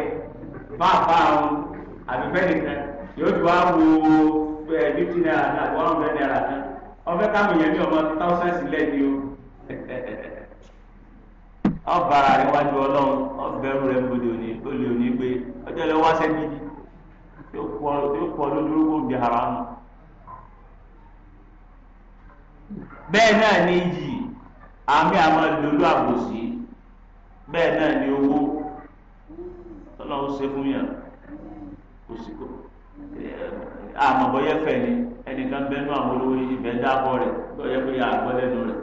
fáfá àwọn àbífẹ́ nìkan yóò tún wá wo ẹ̀ fifty naira náà one hundred naira náà ọbẹ̀ káwọn èèyàn ní ọmọ thousand sílẹ̀ ni o ọba rẹ̀ wájú ọlọ́run ọbẹ̀ rẹ̀ ń bodè òní olè òní gbé ọjọ́ lọ wá sẹ́ni yìí. tí ó pọ̀ tí haramu. bẹ́ẹ̀ náà ni iyì àmì àwọn ìdòdó àbòsí bẹ́ẹ̀ náà ni owó tọ́lọ́wọ́ ṣe fún yàn kò sí kò àmọ́ ni ẹnìkan bẹ́ẹ̀ náà àwọn olówó yìí dábọ̀ rẹ̀ bọ́yẹ pé àgbọ̀ lẹ́nu rẹ̀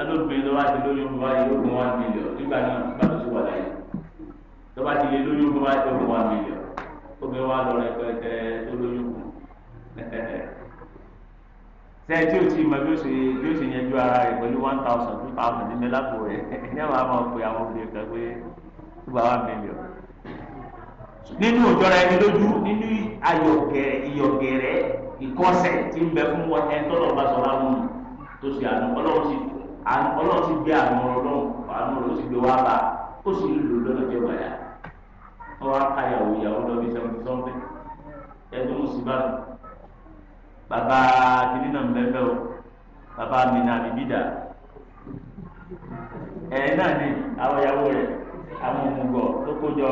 alóbìnrin lọ́wọ́ àti lóyún fún wáyé ó one million nígbà náà nígbà tó ti wà láyé lọ́wọ́ àti omi wa lọ rẹ pẹtẹ tó tí o ti mọ bí o ṣe bí o ṣe yanjú ara rẹ pẹ̀lú one thousand two thousand ní mẹ́lápò rẹ ẹ̀yẹ́ wàá máa pe àwọn obìnrin kan pé two by one million nínú òjọra ẹni lójú nínú ayọ̀gẹ̀rẹ̀ ìyọ̀gẹ̀rẹ̀ ìkọsẹ̀ tí ń bẹ fún wọn ẹni tọ́lọ̀ bá sọ láwọn tó ṣe àná ọlọ́run sì ọlọ́run sì gbé àwọn ọlọ́run àwọn ọlọ́run sì gbé wá bá ó sì lò lọ́dọ̀ jẹ́ wáyà. wọn wá ya yàwó yàwó lọ bí sẹwọn sọfẹ bàbá náà o bàbá mi náà bíbí dà ẹ náà ní àwọn rẹ àwọn òmùgọ̀ tó kó jọ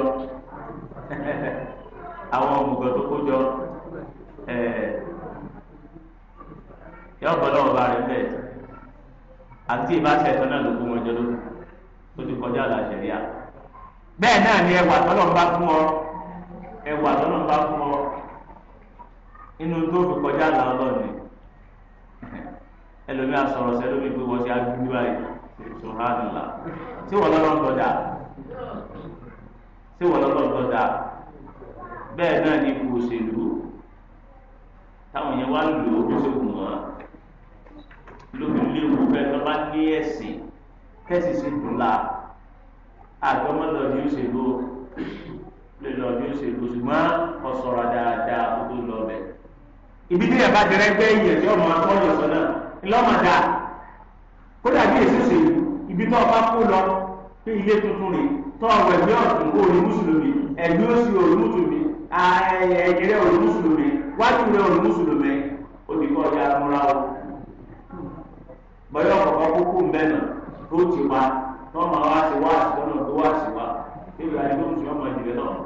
àwọn òmùgọ̀ tó ẹ yọ bọ lọ́wọ́ bá rẹ àti náà tó ti kọjá bẹ́ẹ̀ náà ni ẹwà tọ́lọ́n bá fún ọ ẹwà tọ́lọ́n bá fún ọ inú tó fi kọjá là ọ lọ́ọ̀ni ẹlòmí asọ̀rọ̀ sẹ́ lómi gbé wọ́n sí agbègbè báyìí sọ̀rọ̀ tí wọ́n lọ́lọ́ tọ́jà tí wọ́n lọ́lọ́ tọ́jà bẹ́ẹ̀ náà ni kò ṣèlú táwọn yẹn wá lò ó ṣe wù wọ́n lómi léwu bẹ́ẹ̀ tó bá ní ẹ̀sìn kẹ́sì sí dùn láà. àjọmọ́ lọ́ọ́dí òṣèlú lè si gbaa ṣùgbọ́n ọ̀sọ̀rọ̀ dáadáa kó tó lọ bẹ̀. ibi tí yàrá jẹrẹ gbé tí ọmọ akọ́lù ọ̀sán náà ńlọ́mọ̀dá kódà bí èsì ṣe ibi tó ọba kó lọ ilé tuntun rè tó ọ̀tún kó orí mùsùlùmí orí mùsùlùmí orí mùsùlùmí wájú rẹ̀ orí mùsùlùmí ọjà múra bọ́yọ̀ tó máa wá sí wá sí lọ́nà tó wá sí wá níbi àyè tó ń sùn ọmọ ìdílé náà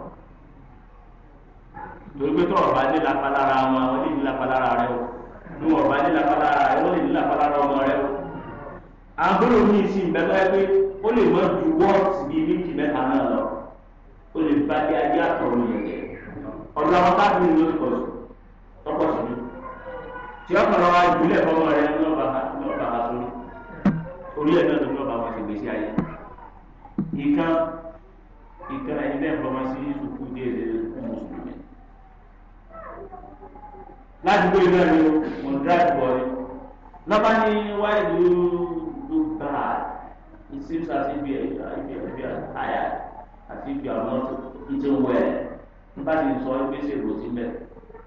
torí pé tó ọba ní lápá lára wọn àwọn ní lápá rẹ o ní ọba ní lápá lára rẹ wọn ní lápá ọmọ rẹ o àbúrò mi sì ń bẹ́ẹ̀ bẹ́ẹ̀ pé ó lè mọ ju wọ́ọ̀tì bíi méjì mẹ́ta náà lọ ó lè bá dé ayé àtọ̀rọ̀ yẹn ọ̀dọ̀ àwọn bá mi ló pọ̀ tọ́pọ̀ sí mi tí ọkàn lọ́wọ́ ìbílẹ̀ fọmọ rẹ ní ọba àtúntò orí ẹ̀ náà láyé ìkan ìkan ẹni bẹ́ẹ̀ fọmọ sí sùkú díẹ̀ lẹ́yìn sùkú láti gbé ibẹ̀ ni wọ́n dráìbù bọ̀ ni lọ́ba ní wáyé ló gbà á it seems as if we are if we are if we are tired as if we are not eating well nígbà tí n sọ ẹgbẹ́ ṣèlú sí mẹ́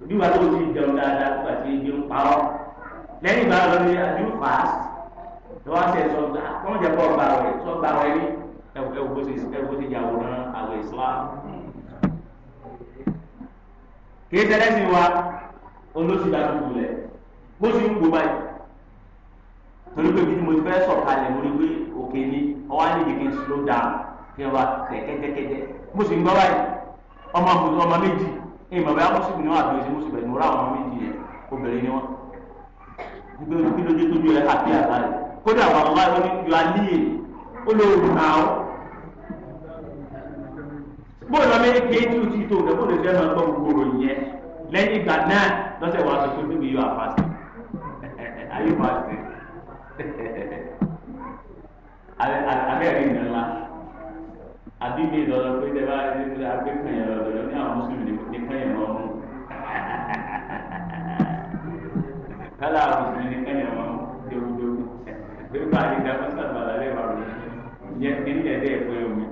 bí wàá tó ti jẹun dáadáa nígbà tí ebi ń pa ọ́ lẹ́yìn ìgbà lọ́dún yẹn àdúrà fast ni wọ́n á ṣe sọ gbà wọ́n jẹ́ pọ̀ gbà wẹ̀ sọ gbà wẹ̀ rí ẹ̀wù ti yàwó náà àwẹ̀ Islam. kì í ṣẹlẹ̀ sí wa olóṣù bá dùn lẹ̀ bó ṣe ń gbó báyìí torí pé bíi mo ti fẹ́ sọ̀kalẹ̀ mo rí pé òkè ni ọwọ́ á níbi kí n slow down kí n wá kẹ̀kẹ́kẹ́kẹ́ mo sì ń gbọ́ báyìí ọmọ àbùdó ọmọ méjì ẹ̀yìn bàbá yà mùsùlùmí ni wọ́n àbí oṣù mùsùlùmí ni wọ́n rà ọmọ méjì yẹn obìnrin ni wọ́n gbígbé ojú kí lójú tójú ẹ̀ àbí àbá rẹ̀ kódà wà wá wọn ní yọ alíyè ó lè rù náà ó. bóòlù ọmọ ẹni kéé tí o ti tó o bóòlù ẹgbẹ́ máa gbọ́ gbogbo ròyìn yẹn lẹ́yìn ìgbà náà lọ́sẹ̀ wà sọ pé níbi yóò àfàṣe ayé wà sí abẹ́ ẹ̀rí ìgbà ńlá àbí mi lọ́dọ̀ pé tẹ́ bá gbé kànyẹ̀rọ̀ lọ́dọ̀ ní àwọn mùsùlùmí ní kànyẹ̀rọ̀ ọ̀hún kálá mùsùlùmí ní kànyẹ̀rọ̀ ọ̀hún nípa àdìdá mọ́sá àbàlá lẹ́wà rẹ̀ yẹ kíní yẹn dé ẹ̀kọ́ yomi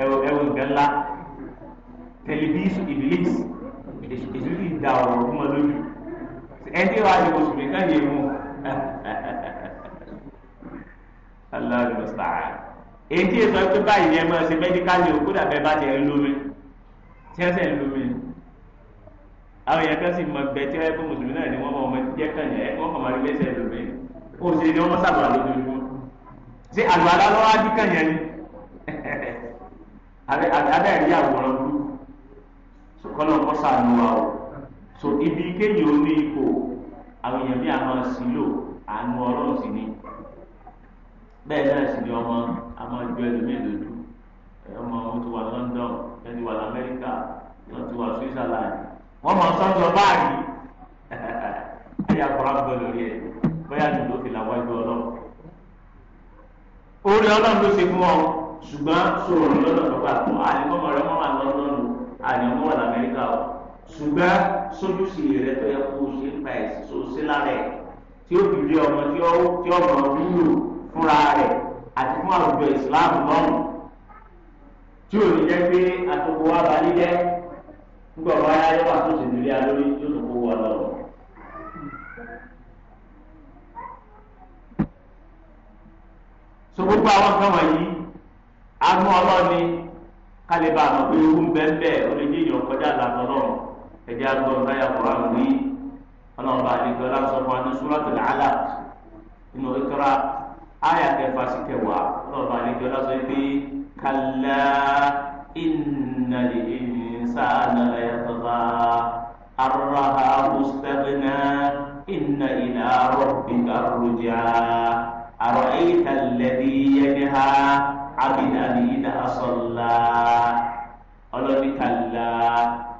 ẹwọ ẹwọ nǹkan ńlá tẹlifíṣù ìbílíṣì èsì ti da ọ̀rọ̀ fún ọ lójú ẹni wàá di oṣù mi káyé mu aláàbò sàá èyí tí èso ẹ pé báyìí ni ẹ máa ṣe mẹ́díkálì òkúta bẹ́ẹ̀ bá ti ẹ lómi tí ẹ sẹ́ lómi àwọn èèyàn kan sì mọ bẹ tí wọ́n yẹ kó mùsùlùmí náà ni wọ́n mọ ọmọ jẹ́ kàn yẹn wọ́n kàn máa rí bẹ́sẹ̀ lómi ó sì ní wọ́n sàlùwà lójoojúmọ́ ṣé àlùwàlá lọ́wọ́ á dí kàn yẹn ni abẹ́rẹ́ yà wọ̀rọ̀ kú kọ́nà kọ́ sànù wa o so ibi kéèyàn ó ní ipò àwọn èèyàn bí àwọn sílò àánú ọlọ́run sì ni bẹ́ẹ̀ náà sì ni ọmọ àmọ́ ìjọ ẹlòmíì lójú ọmọ wọn ti wà London wọn ti wà lamẹ́ríkà wọn ti wà Switzerland wọ́n mọ̀ sọ́jọ́ báàgì ayé akọ̀rọ̀ àgbẹ̀ lórí ẹ̀ bóyá dùdú fi làwọn ẹgbẹ́ ọlọ́run. orí ọlọ́run ló ṣe fún ọ ṣùgbọ́n sọ̀rọ̀ lọ́dọ̀ tó bá tó àlẹ́mọ́mọ́ rẹ mọ́ àlọ́ lọ́nu àlẹ́mọ́ wà lamẹ́ríkà o ṣùgbọ́n sójúṣe rẹ tó yẹ kó o ṣe ń pa ẹ̀sìn tó ṣe lára ẹ̀ tí ó fi rí ọmọ tí ó tí ó mọ̀ wúlò fúnra rẹ̀ àti fún àwùjọ ìsìláàmù lọ́rùn tí ò ní jẹ́ pé àtòkò wa balẹ̀ jẹ́ nígbà wọn ayé wà tó sì nílé alórí yóò tó kó wọn lọ. so gbogbo àwọn nǹkan wọ̀nyí anú ọlọ́ni kálíbà àmọ́ pé ewu ń bẹ́ẹ̀ bẹ́ẹ̀ ó lè jẹ́ èèyàn kọjá ìlànà ọlọ́run ẹ̀jẹ̀ agbọ̀n táyà kọ̀ọ̀rọ̀ àwọn yìí ọlọ́run bá àdéhùn ọlọ́run sọ fún wa ní súrọ́tì làálà nínú ìtura ayà kẹfà sí kẹwàá ọlọ́run bá àdéhùn ọlọ́run sọ pé kálá. إن الإنسان ليطغى أن رآه استغنى إن إلى ربك الرجعى أرأيت الذي ينهى عبدا إذا صلى ọlọ́ni kàlá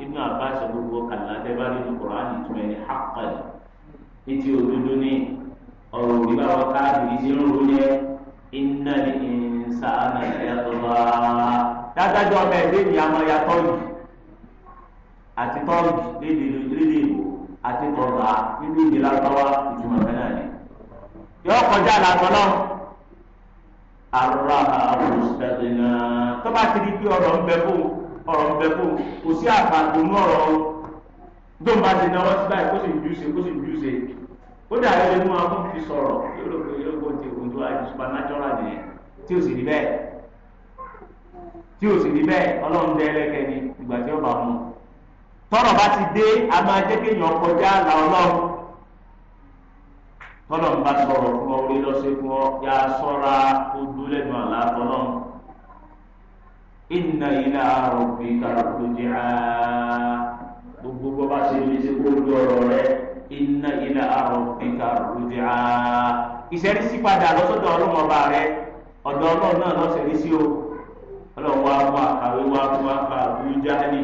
Ibn Abbas gbogbo kàlá tẹ́ bá nínú Kùránì tó ẹni haqqan títí òdodo ní ọ̀rọ̀ òbí bá wọn káàdì ìṣirò lóyẹ innal insana yatgha dájájọ́ ọmọ ẹgbẹ́ ni a máa ya tọ́ọ̀dù àti tọ́ọ̀dù lédè ìbò àti tọ̀ọ̀dà nínú ìdè lárúbáwá ìtumọ̀ mẹ́rin ni. yọ kọjá àlàtọ̀ náà àrùrà àrùsẹ̀dẹ̀nà tó bá ti di pé ọ̀rọ̀ ń bẹ fún ọ̀rọ̀ ń bẹ fún kò sí àbàtò mú ọ̀rọ̀ dóun bá ti náwó sí báyìí kó sì ń ju ṣe kó sì ń ju ṣe ó dà yóò lè mú akókò fi sọ̀rọ̀ yóò lè kó yóò kó ti òǹdó àti supernatural nìyẹn tí ò sì rí bẹ́ẹ̀ tí o sì rí bẹ́ẹ̀ ọlọ́run dẹ ẹlẹ́kẹ̀ ni ìgbà tí ó bá mú tọ́rọ̀ bá ti dé a máa jẹ́ kéèyàn kọjá la ọlọ́run tọ́rọ̀ ń bá sọ̀rọ̀ fún ọ orí lọ́sẹ̀ fún ọ yà sọ́ra ojú lẹ́nu àlá ọlọ́run inna ila rabbika ruj'a gbogbo bá ṣe lè ṣe kó lórí ọ̀rọ̀ rẹ inna ila rabbika ruj'a ìṣẹ́rí sí padà lọ́sọ̀dọ̀ ọlọ́mọba rẹ ọ̀dọ̀ ọlọ́run náà lọ́sẹ̀ o ọlọ́run wá mú àkàwé wá mú àkà àbújá ní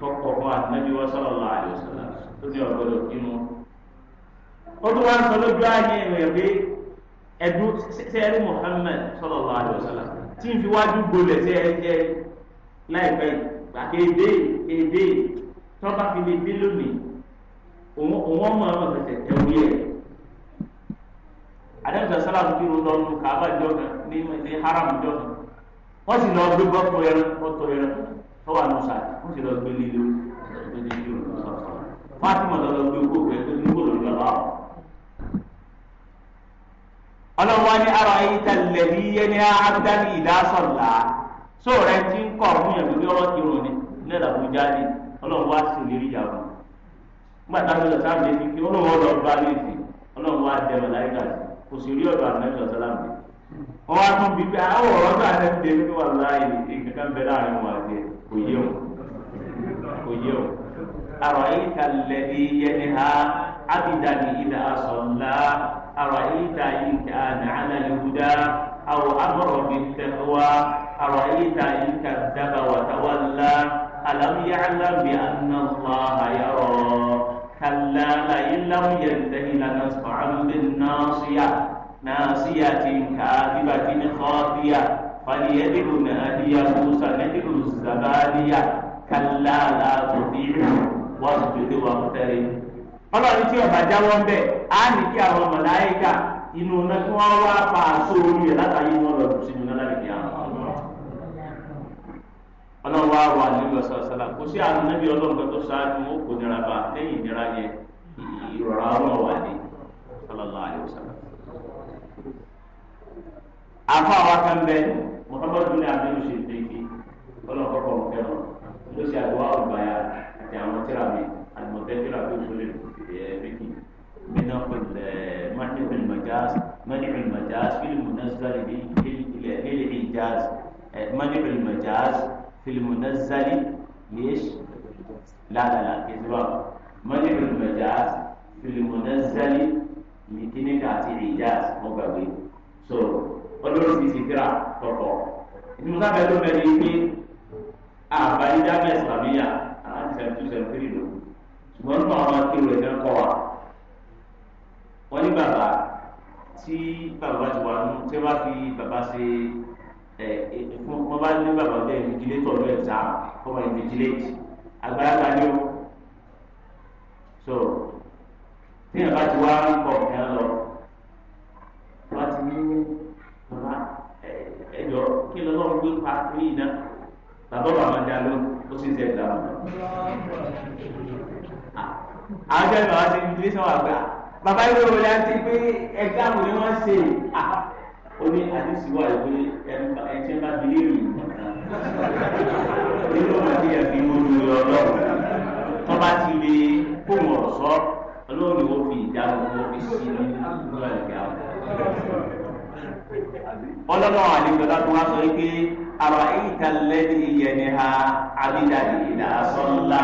tọkọ fún àtúnájú wọn sọlọ lọ àyọsọlá tó ní ọgbọdọ kínú. ó tún wá ń sọ lójú ààyè rẹ̀ pé ẹ̀dùn sẹ́ẹ̀rì Muhammad sọlọ lọ àyọsọlá tí ń fi wájú gbolẹ̀ sí ẹ̀jẹ̀ láìpẹ́ gbàgbé èdè èdè tọ́ba fi lè dé lónìí òun ọmọ ọmọ tẹ̀tẹ̀ tẹ̀ wí ẹ̀ adébísọ̀ sálàmù kí ló lọ́nu kàbá jọ̀gàn ní haram jọ̀gàn wọ́n sì lọ gbé bọ́tò ẹran bọ́tò ẹran tó wà nù sàdé wọ́n sì lọ gbé lílo gbé lílo sọ̀sọ̀ fátímọ̀ lọ gbé owó gbé tó ní gbòòrò lọ́wọ́ àwọn. ọlọ́wọ́ ní ara yìí tẹ̀lé bí yé ní abdani ìdásọ̀lá sóòrẹ́ tí ń kọ̀ ọ̀hún yẹn lórí ọ̀rọ̀ kírun ni nílẹ̀ àbújá ni ọlọ́run wá sí ìlérí ìyàwó nígbà táwọn ọ̀sán mi ní kí ọlọ́run ọ̀dọ̀ ọ̀gbá ní ìsìn ọlọ́run wá jẹ́ mọ̀láyíkà kò sì rí ọ̀dọ̀ ọwọ́ atún bíi àwọn ọ̀rọ̀ náà ẹ̀ ti dẹ́nu wà láàyè nǹkan kan bẹ láàrin àti kò yé o kò yé o. أرأيت الذي ينهى عبدا إذا صلى أرأيت إن كان على الهدى أو أمر بالتقوى أرأيت إن كذب وتولى ألم يعلم بأن الله يرى كلا لئن لم ينته لنصفعا بالناصية ناصية كاذبة خاطية فليدع ناديه سندع الزبانية كلا لا تطيعه واسجد واقترب ọlọ́run tí ọba jáwọ́ bẹ́ẹ̀ á ní kí àwọn mọ̀láyíkà inú náà kí wọ́n wá pa aṣọ orí ẹ̀ látàyè wọn lọ sí inú náà láti àwọn ọlọ́run wá wà nílùú ọ̀sán kò sí àwọn níbi ọlọ́run kan tó ṣáájú ó kò nira bá lẹ́yìn ìnira yẹn ìrọ̀rọ̀ ọlọ́run wà ní sallallahu alaihi wasallam afa awa kan bẹ muhammadu bin abdul shinteki ọlọ́run kọ́kọ́ mu kẹrọ ló ṣe àdúrà ọgbàyà àti àwọn tíra mi àdìmọtẹkìlá tó sọlẹ ẹ fẹkì minna pẹlẹ mani ilmajaz mani ilmajaz filimu nazari bi ilẹ ilẹ ijaz ẹ mani ilmajaz filimu nazari yesh laalala kẹsíwá mani ilmajaz filimu nazari yìí kíni kàti ijaz ọgbàgbé so olóríṣiríṣi tíra tọ̀tọ̀ ìtumọ̀sá bẹ́ẹ̀ ló mẹ́rin pé àbáyídá mẹ́sàmíyà aláǹtí seventy two seventy three lò ṣùgbọ́n nípa àwọn akéwì ẹ̀ kọ́ wa wọ́n ní bàbá tí bàbá bá ti wà nù tí wọ́n bá fi bàbá ṣe ẹ̀ ẹ̀ fún wọ́n bá ní bàbá bẹ́ẹ̀ ìdílé tọ̀ lọ́ọ̀ ẹ̀ta kọ́mọ ìdílé àgbàlagbà ni ó so tí yàrá bá ti wá ń kọ̀ ẹ̀ lọ wọ́n ti ní pa arákùnrin yìí náà bàbá wà máa dá lóhùn ó sì ń sẹ́ ìgbà wọn. àwọn jẹ́ ìgbà wọn ti ń gbé sọ́wọ́ àgbà bàbá yìí wọ́n wọlé àti pé ẹ̀ka àwọn ni wọ́n ṣe ó ní àdìsíwá ìwé ẹ̀jẹ̀ bá bilé rìn nínú àti ẹ̀fín olùyọ ọlọ́run tó bá ti lè fóun ọ̀rọ̀ sọ ọlọ́run ìwọ fi ìdáhùn wọn fi sí ní ìlú àlùkò ọlọ́run àlejò láti wá sọ pé. أرأيت الذي ينهى عبدا إذا صلى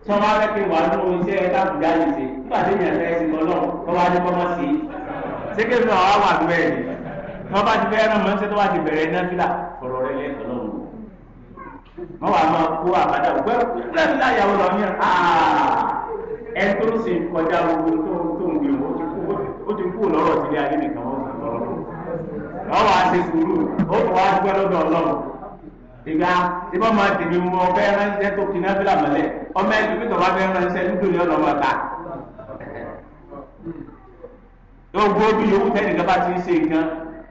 sọba bẹ ti wà nínú iṣẹ́ ẹka gbùdá yìí ṣe nígbà tí èèyàn fẹ́ ṣe lọ náà tó wá ní kọmọ sí i ṣéke fún àwa wà tó bẹ́ẹ̀ ni tọba ti bẹ́ẹ̀ náà mọ tó wà ti bẹ̀rẹ̀ iná fílà ọ̀rọ̀ rẹ̀ lẹsọ lọrùn wọn wà máa kó àbádá òpẹ fúlẹ fúlẹ àyàwó lọ ọwọ́ àti sùúrù ó kọ́ wá gbẹ́ lọ́dọ̀ ọlọ́run ìgbà tí wọ́n máa tèmi mú ọbẹ̀ ránṣẹ́ tó kì náà fílà mọ́lẹ̀ ọmọ ẹ̀ tìbí tọ́ba fẹ́ ránṣẹ́ nítorí ọ̀nà ọmọ ta. gbogbo bí yòówù tẹ́lẹ̀ nígbà tí ń ṣe nǹkan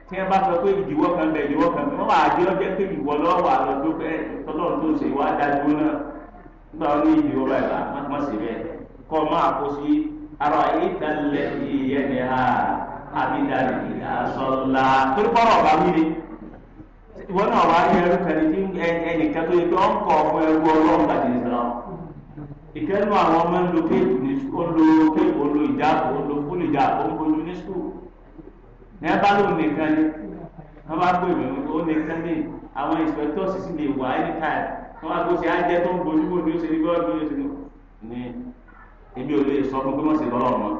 tí wọ́n bá sọ pé ìdíwọ́ kan bẹ̀ ìdíwọ́ kan bẹ̀ wọ́n máa jẹ́ ọjọ́ pé ìwọ lọ́wọ́ àlọ́dún pé tọ́lọ́run tó ṣe ìwà dájú náà nígbà wọn ní ìdíwọ́ báyìí bá má sì bẹ́ẹ̀ kọ́ máa kó sí ara ìtàlẹ̀ ìyẹn ni ha àbídàlì ìdásọ́lá torí kọ́rọ̀ ọ̀gá wíire ìwọ náà wà á ní ẹrú kan ní ẹnìkan tó yẹ kí wọ́n kọ̀ fún ẹrú ọlọ́run bàtì ìsìlám ìkẹ́nu àwọn ọmọ ń lo kéèkù ní olo kéèkù olo ìjáàbò olo fúlù ìjáàbò ń bójú ní sùkúù ní ẹ bá lóun nìkan ni wọ́n bá gbé ìwé ó nìkan ní àwọn inspectors sì lè wà anytime wọ́n bá gbé ṣe ajẹ́ tó ń bójú bójú ó ṣe ní bọ́ọ̀dù ó ṣe ní èmi ò lè sọ fún pé wọ́n ṣe lọ́rọ̀ mọ́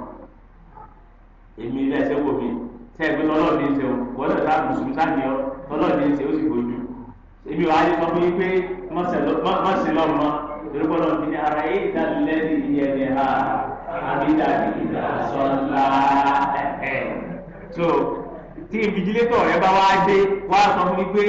èmi ilé ẹsẹ̀ wò mí tẹ́ ẹgbẹ́ tọ́lọ́ ní í ṣe o wọ́n náà sáà mùsùlùmí sáàkì ọ tọ́lọ́ ní í ṣe ó sì fojú èmi wàá yẹ sọ fún yín pé mọ̀sẹ̀ lọ́rùn mọ́ torípọ̀ náà ti ní ara yé ìdánilẹ́ni ìyẹnì ha àbídà ìdá sọ́lá ẹ̀ẹ́ so tí ìbìjìlétọ̀ rẹ bá wá dé wá sọ fún mi pé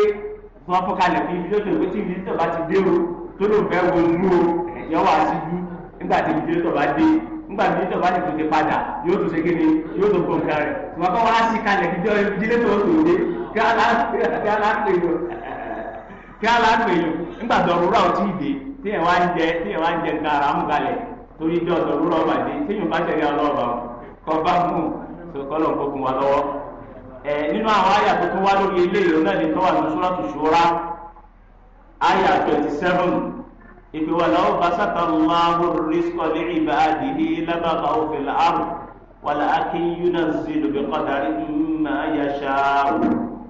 wọ́n fọ́kalẹ̀ fún ìbìjìlétọ̀ pé tí ìbìjìlétọ̀ bá ti dé o tó ló ń wo inú o yọ wá síjú nígbà tí ìbìjìlétọ̀ bá dé nígbà tí tó bá ní kò ti padà yóò tún ṣe ni yóò tún kó nǹkan rẹ̀ wọn kọ́ wá sí kalẹ̀ jíjọ́ ìdílé tó tó dé kí aláàpè yòó kí aláàpè yòó nígbà tó rúra tí ì dé téèyàn wá ń jẹ téèyàn wá ń jẹ nǹkan ara mú torí ìpè wà láwọn basata Allahu rizqa li ibadihi labaghaw fil ard walakin yunazzilu bi qadarin ma yasha'u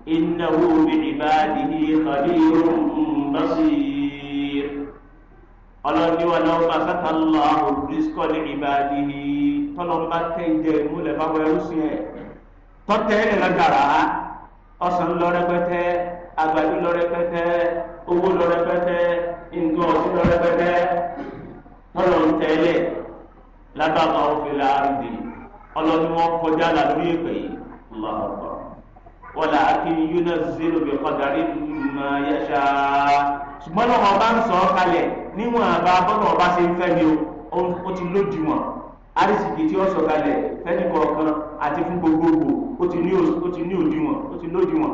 innahu bi ibadihi khabirun basir ọlọ́ni wà láwọn basata Allahu rizqa li ibadihi tọ́lọ́mbà tẹ̀ ìjẹ́ bá wẹ̀ ọ́sùn ẹ̀ tọ́tẹ̀ ẹ̀ lọ́gàrà ọ̀sán lọ́rẹ́pẹ́tẹ́ àgbàdo lọ́rẹ́pẹ́tẹ́ owó lọ́rẹ́pẹ́tẹ́ nǹkan ọ̀sìn rẹpẹtẹ tọ́lọ̀ ń tẹ́lẹ̀ lábàbà òfìlà àrùdè ọlọ́ni wọn kọjá làlórí èpè yìí lọ́wọ́ wọ́n àti yúnà zero bí kọ́darí mà yẹ ṣá. ṣùgbọ́n náà wọn bá ń sọ ọ́ kalẹ̀ níwọ̀n àbá bọ́dọ̀ ọba ṣe ń fẹ́ mi o ó ti lójú wọn arísìkì tí ó sọ kalẹ̀ fẹ́ni kọ̀ọ̀kan àti fún gbogbogbò ó ti ní òdiwọ̀n ó ti lódiwọ̀n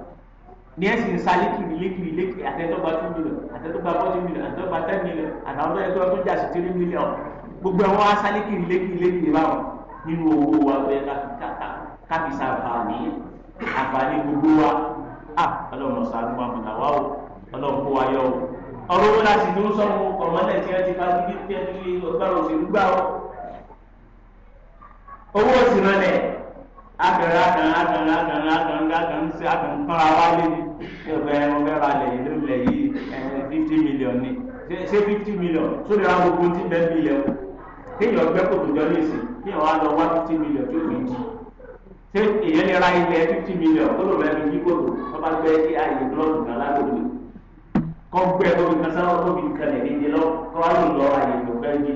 ní ẹ̀sìn sa lékiri lékiri lékiri àtẹ́tọ́gba two million àtẹ́tọ́gba forty million àtẹ́tọ́gba ten million àtàwọn tó yẹ kó tó jà sí three million gbogbo àwọn asa lékiri lékiri lékiri báwọn nínú owó wa bẹ káfí sàǹfààní àǹfààní gbogbo wa à ọlọ́run sàánú wa mọ̀nà wa o ọlọ́run kó wa yọ o ọ̀rọ̀ wo la sì ní sọ́mu ọ̀mọ́lẹ̀ tí wọ́n ti fa sí ti fi ọgbà òṣèlú gbà o owó òsì rẹ̀ akẹrẹ akẹrẹ akẹrẹ akẹrẹ akẹrẹ akẹrẹ ṣe akẹrẹ fúnra wáyé ni ṣé ọbẹ ọbẹ ra lẹ yìí lórí lẹ yìí fifty million ni ṣé fifty million sórí àwọn gbogbo tí bẹ́ẹ̀ bí ilẹ̀ o kéèyàn gbẹ́ kòtò jọ ní ìsìn kéèyàn wá lọ wá fifty million tó fi jí ṣé èyàn lè ra ilẹ̀ fifty million tó lò lẹ́nu yí kòtò tó bá gbẹ́ kí ààyè blọọdù kan lágbègbè kọ́ gbẹ́ kó fi kan sáwọ́ kó fi kan lẹ̀ nídìí lọ kọ́ wá lò lọ́ ààyè tó fẹ́ yí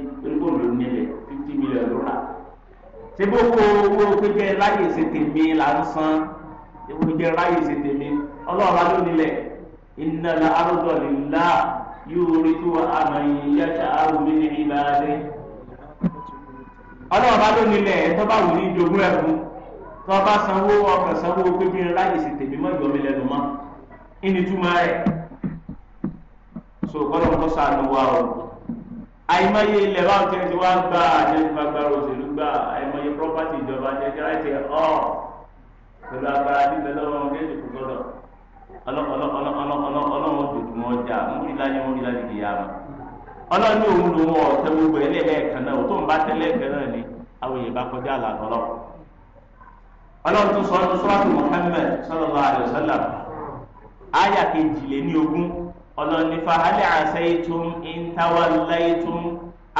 ṣé bó wo owó gbẹgbẹ láyè ṣe tèmi là ń san ewu jẹ láyè ṣe tèmi ọlọ́run adó nílẹ̀ ìnàlá arúgbó nílá yóò rí tó àmàyè yàtà àrùn ní ìbáradẹ. ọlọ́run adó nílẹ̀ tó bá wù ní ìjogún ẹ̀kún tó bá sanwó ọkàn sanwó gbẹgbẹ láyè ṣe tèmi mọ́ ìjọba ilẹ̀ nù mọ́ ìnìtúmọ̀ rẹ̀ so gbọ́dọ̀ kọ́ sànù wa o. àìmọye ilẹ̀ bá ń tẹ́tí wá gbà àjẹsí gbàgbàrà òṣèlú gbà àìmọye property ìjọba àjẹsí láìsí ọ̀ pẹ̀lú agbára nílẹ̀ lọ́wọ́ wọn kéèjì kò gbọ́dọ̀ ọlọ́run tuntun wọn ń rí láyé wọn ma ní òun gbogbo náà òtún bá náà ni àwọn èèyàn bá kọjá tún sọ kejì lé ní ogún ọlọ́nifà hali àṣeyìtum ìntawàlẹ́yìtum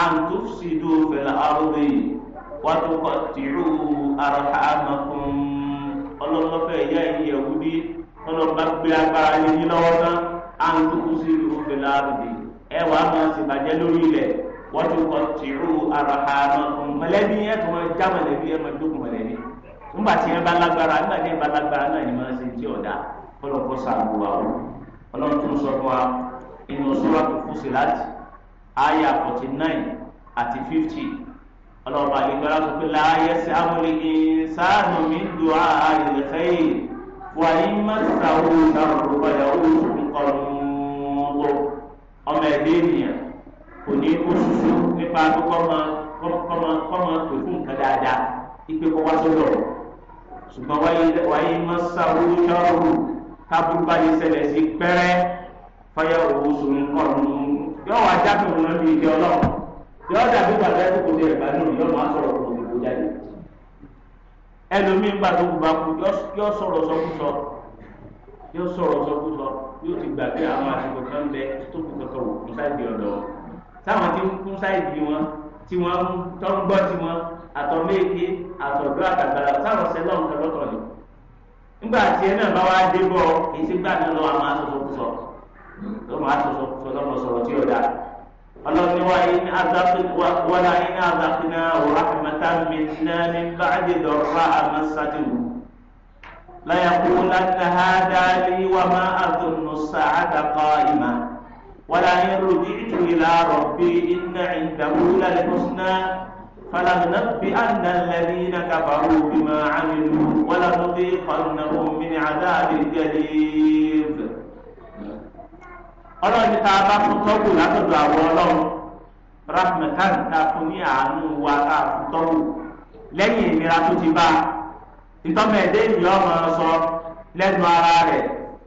àǹtúfṣìdù fẹ̀lẹ̀ àrùbí wàtúkọ̀ tìrú àrùhàmàkùn ọlọ́lọ́fẹ̀ ìyá ìyẹ̀ wúdí ọlọ́ba gbé agbára yìí lọ́wọ́ tán àǹtúfṣìdù fẹ̀lẹ̀ àrùbí ẹ wàá máa sì bàjẹ́ lórí ilẹ̀ wàtúkọ̀ tìrú àrùhàmàkùn mọ̀lẹ́bí ẹ̀ tó máa já mọ̀lẹ́bí ẹ̀ máa dókun mọ̀lẹ́bí ọlọ́run tó ń sọ fún wa inú suratul Fusilat àyà forty nine àti fifty ọlọ́run bá lè gbára sọ pé láàyè sí amúlé ìsáàánú mi dùn àìlè fẹ́yì wà ní mẹ́sàwó ìdáhùn ìfọyàwó ìkọlùmọ́ ọmọ ẹ̀dẹ́ ènìyàn kò ní kó ṣoṣo nípa kọ́mọ kọ́mọ kọ́mọ pè fún nǹkan dáadáa ipe kọ́wá sọ́dọ̀ ṣùgbọ́n wáyé wáyé mọ́sáwó ṣọ́ọ̀rù kábúrú bá yẹ ṣẹlẹ̀ sí pẹ́rẹ́ fọyẹ́ òwú sùn ọ̀run yóò wá jáde òun lórí ìdí ọlọ́run yóò dàbí gbàgbé tó kò dé ẹ̀gbá nínú yóò máa sọ̀rọ̀ kò dìbò jáde ẹlòmíín gbàgbé òkú bá kú yóò sọ̀rọ̀ sọ́kúsọ yóò sọ̀rọ̀ sọ́kúsọ yóò ti gbàgbé àwọn àsìkò kan bẹ tó kù kankan wò kún sáìdì ọ̀dọ́ táwọn ti ń kún sáìdì wọn tí wọ́n tọ́ ń gbọ́ tí wọ́n àtọ̀ méje àtọ̀dọ́ àtàgbàlà táwọn sẹ́lọ̀ ń kẹ́ lọ́tọ̀ yìí nígbà tí ẹ náà bá wá dé bọ èsì gbà náà lọ àwọn asọsọkùsọ lọmọ asọsọkùsọ lọmọ sọ̀rọ̀ tí yóò dá ọlọ́ni wa iná wọlá iná azàfinà òwúrọ̀ àmàtà mìíràn ní báàdì dọ̀rọ̀ àmàsàdìwò ليقولن هذا لي وما أظن الساعة قائمة ولئن رجعت إلى ربي إن عنده للحسنى فلننبئن الذين كفروا بما عملوا ولنذيقنهم من عذاب جليل ọlọ́run ní tá a bá fún tọ́wù látọ̀dọ̀ àwọn ọlọ́run rahmatan ta fún ní àánú wa tá a fún tọ́wù lẹ́yìn ìnira tó ti bá a ìtọ́mọ̀ ẹ̀dẹ́ yìí ọmọ sọ lẹ́nu ara rẹ̀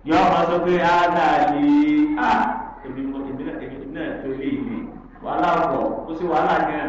yọ ọmọ sọ pé á náà lè à èmi náà tó lè yìí wàhálà pọ̀ ó sì wàhálà gan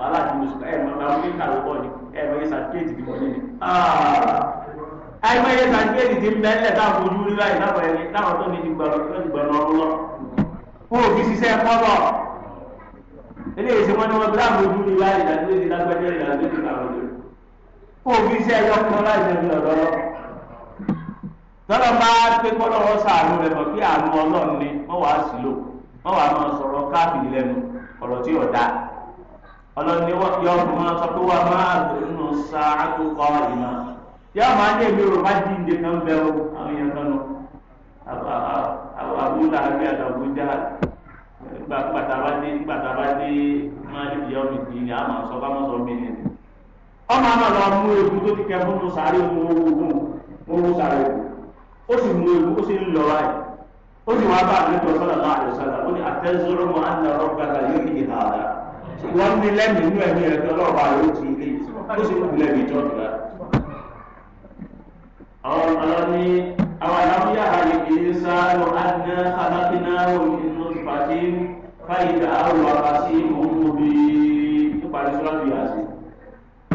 wàhálà ti mo sùn ẹ mọ àwọn ilé kàwé bọ ni ẹ mọ iye sàtúkẹ́ẹ̀tì ti bọ̀ ní ni. àìmọ ah! iye sàtúkẹ́ẹ̀tì ti ń bẹ ńlẹ̀ táwọn fojú rí báyìí láwọn ẹni táwọn tó ní ti gbọ̀nà tó ti gbọ̀nà ọ̀run lọ. wọn ò fi ṣiṣẹ́ kọ́lọ̀ eléyìí ṣe wọ́n ní wọ́n láwọn fojú rí báyìí ìdàgbé lágbẹ́jẹ́ ìdàgbé ti kàwé lọ. wọn ò fi iṣẹ́ ẹyọ kan láì tọ́lọ́ bá pé kọ́lọ́ wọn sàánú rẹ̀ mọ̀ kí àánú ọlọ́run ni wọ́n wàá sí lò wọ́n wàá máa sọ̀rọ̀ káàkiri lẹ́nu ọ̀rọ̀ tí yóò dáa ọlọ́run ní yọ fún wọn sọ pé wà máa lónú sàádù kọ́ ìmọ̀ yọ máa dé mi rò má jí ìdè kan bẹ o àwọn èèyàn kan nù àbúlà àbí àtàbújá gbàtàbádé gbàtàbádé máa ní ìyá omi kì í ní àmà sọ bá mọ̀ sọ mí nìyẹn. ọmọ àmà lọ mú ewu tó ti kẹ fún un sáré mú owó mú owó sáré o sì mú ewu ó sì ń lọ báyìí ó sì wá bá àlejò sọlá náà àlejò sọlá ó ní àtẹ́sọ́rọ́ mọ́ àná rọ́bà kà yóò yí ìhà àdá wọ́n ní lẹ́mìí inú ẹ̀mí rẹ̀ tó lọ́ọ̀bà yóò ti ilé ó sì kú lẹ́mìí jọ́ ìgbà. àwọn ọmọ ní àwọn àlàáfíà àyè kì í sáárò àdínà alákínà òyìnbó pàtí fáyidà àrò àkàsí òun òbí nípasẹ̀ sọ́lábì àṣì.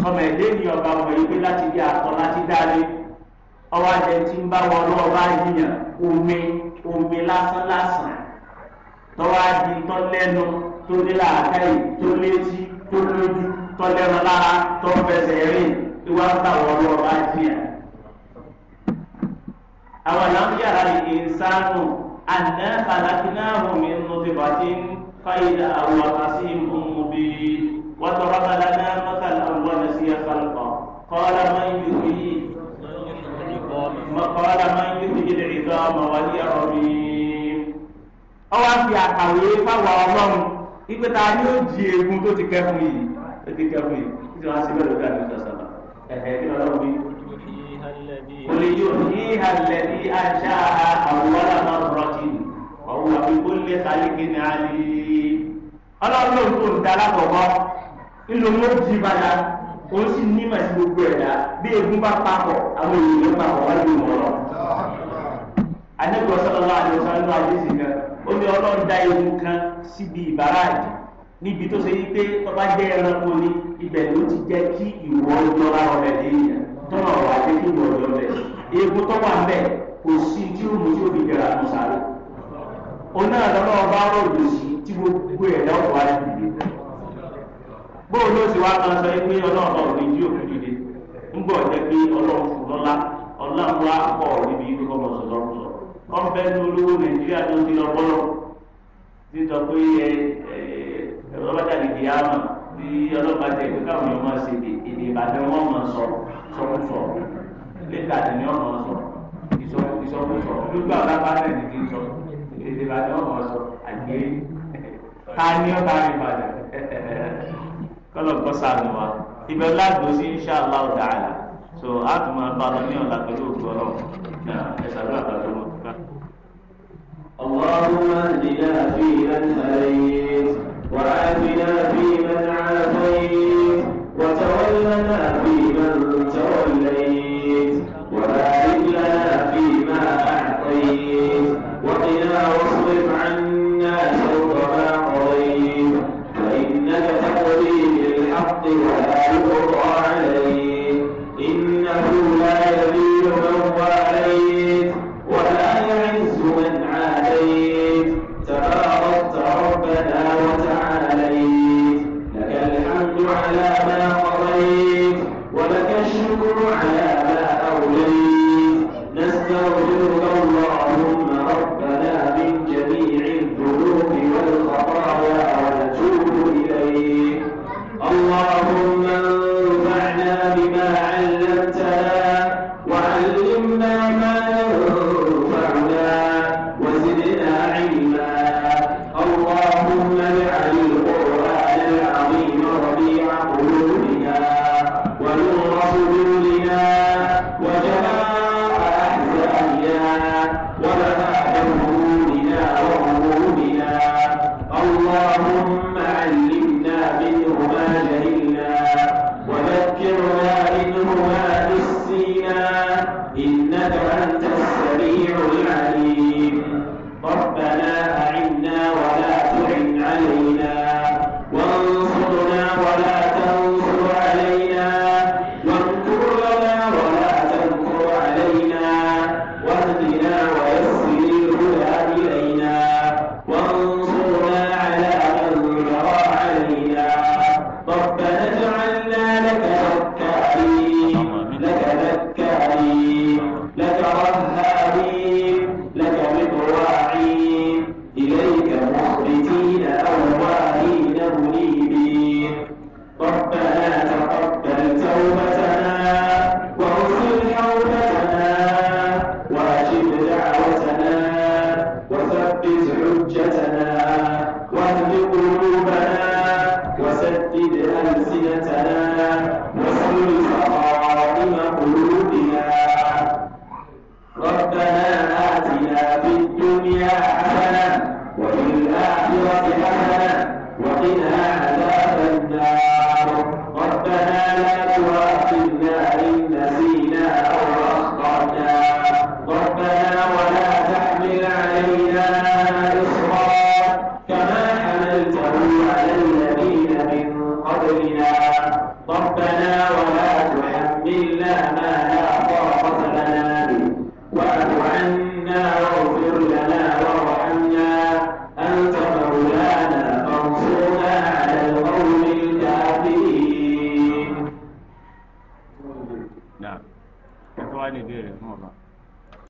ọmọ ẹ̀dẹ́ ni ọba ọmọ yìí pé láti dé akọ láti dáre ọwọ́ ajẹ́ tí ń bá wọn lọ́wọ́ bá yíyàn omi omi lásán lásán tọ́wọ́ á di tọ́ lẹ́nu tó ní làákàyè tó létí tó lójú tó lẹ́nu lára tó fẹsẹ̀ rìn tó wá ń tàwọn ọlọ́wọ́ bá jìyà. àwọn ìlànà yàrá ìsánù àná kàlákínáàmù mi ń lọ sí bàtí fáyidà àwọn àkàsí ìmúbi wàtọ́rọ́ kàlákíná mọ́tàlá àwọn àti ìyàfàlùkọ́ kọ́lá máa ń yù yí قال من يحيي العظام وهي رميم أو أنت يا قوي فهو ipe ta ni ó jí egun tó ti kẹfun yìí tó ti kẹfun yìí tí ti wá sí bẹ́ẹ̀ lókè àdúgbò sọ̀sọ̀ ẹ̀hẹ́ kí ló lọ́wọ́ bí. olè yóò ní ìhàlẹ̀ ní aṣá àwòrán máa rọ̀ jì ọ̀hún àbí kó lè kálíkì ní alẹ́ ọlọ́run ló ń tó ń da alákọ̀ọ́kọ́ ńlọ ló jí padà ó sì ní màsí gbogbo ẹ̀dá bí egun bá papọ̀ àwọn èèyàn papọ̀ wá lóun ọ̀rọ̀ anẹ́gbọ́ sallallahu alaihi wasallam àdéhùn kan ó ní ọlọ́run dá ewu kan síbi ìbáraàdì níbi tó ṣe yí pé tọ́ba jẹ́ ẹranko ni ibẹ̀ ló ti jẹ́ kí ìwọ ìjọba ọ̀rẹ́ lẹ́yìn tọ́nà ọ̀rọ̀ ajé kí ìwọ ìjọba ọ̀rẹ́ ewu tó wà ńbẹ̀ kò sí tí ó mú tí ó fi jẹrà tó sáré òun náà lọ́nà ọba ròdò sí tí gbogbo ẹ̀dá ọ̀pọ̀ á ti dìde bóun ló sì wá kan sọ pé ọlọ́run ọ̀gbìn tí òkú dìde ń bọ̀ jẹ́ pé ọlọ́run fún lọ́lá ọlọ́run wá pọ̀ níbi ikú ọ̀bẹ ní olówó nàìjíríà tó ti lọ bọ́lọ̀ ti sọ pé ẹ ẹ ọlọ́jà lè di àmà tí ọlọ́pàá tẹ̀ pé káwọn èèyàn máa ṣe èdè ìbàdàn wọn máa sọ sọkúsọ lẹ́tà ni wọ́n máa sọ ìsọkúsọ lójú àwọn abáyé ni kì í sọ èdè ìbàdàn wọn máa sọ àgbélé ká ní ọ̀tá ìbàdàn kọ́lọ̀ kọ́sà ni wa ibẹ̀ ọlá gbòòsì insha Allah ta'ala so a tún máa bá lọ ní ọ̀la pẹ̀lú òkú ọlọ́run náà ẹ ṣàdúrà pàdé wọn. اللهم اهدنا فيمن هديت وعافنا فيمن عافيت وتولنا فيمن توليت وبارك لنا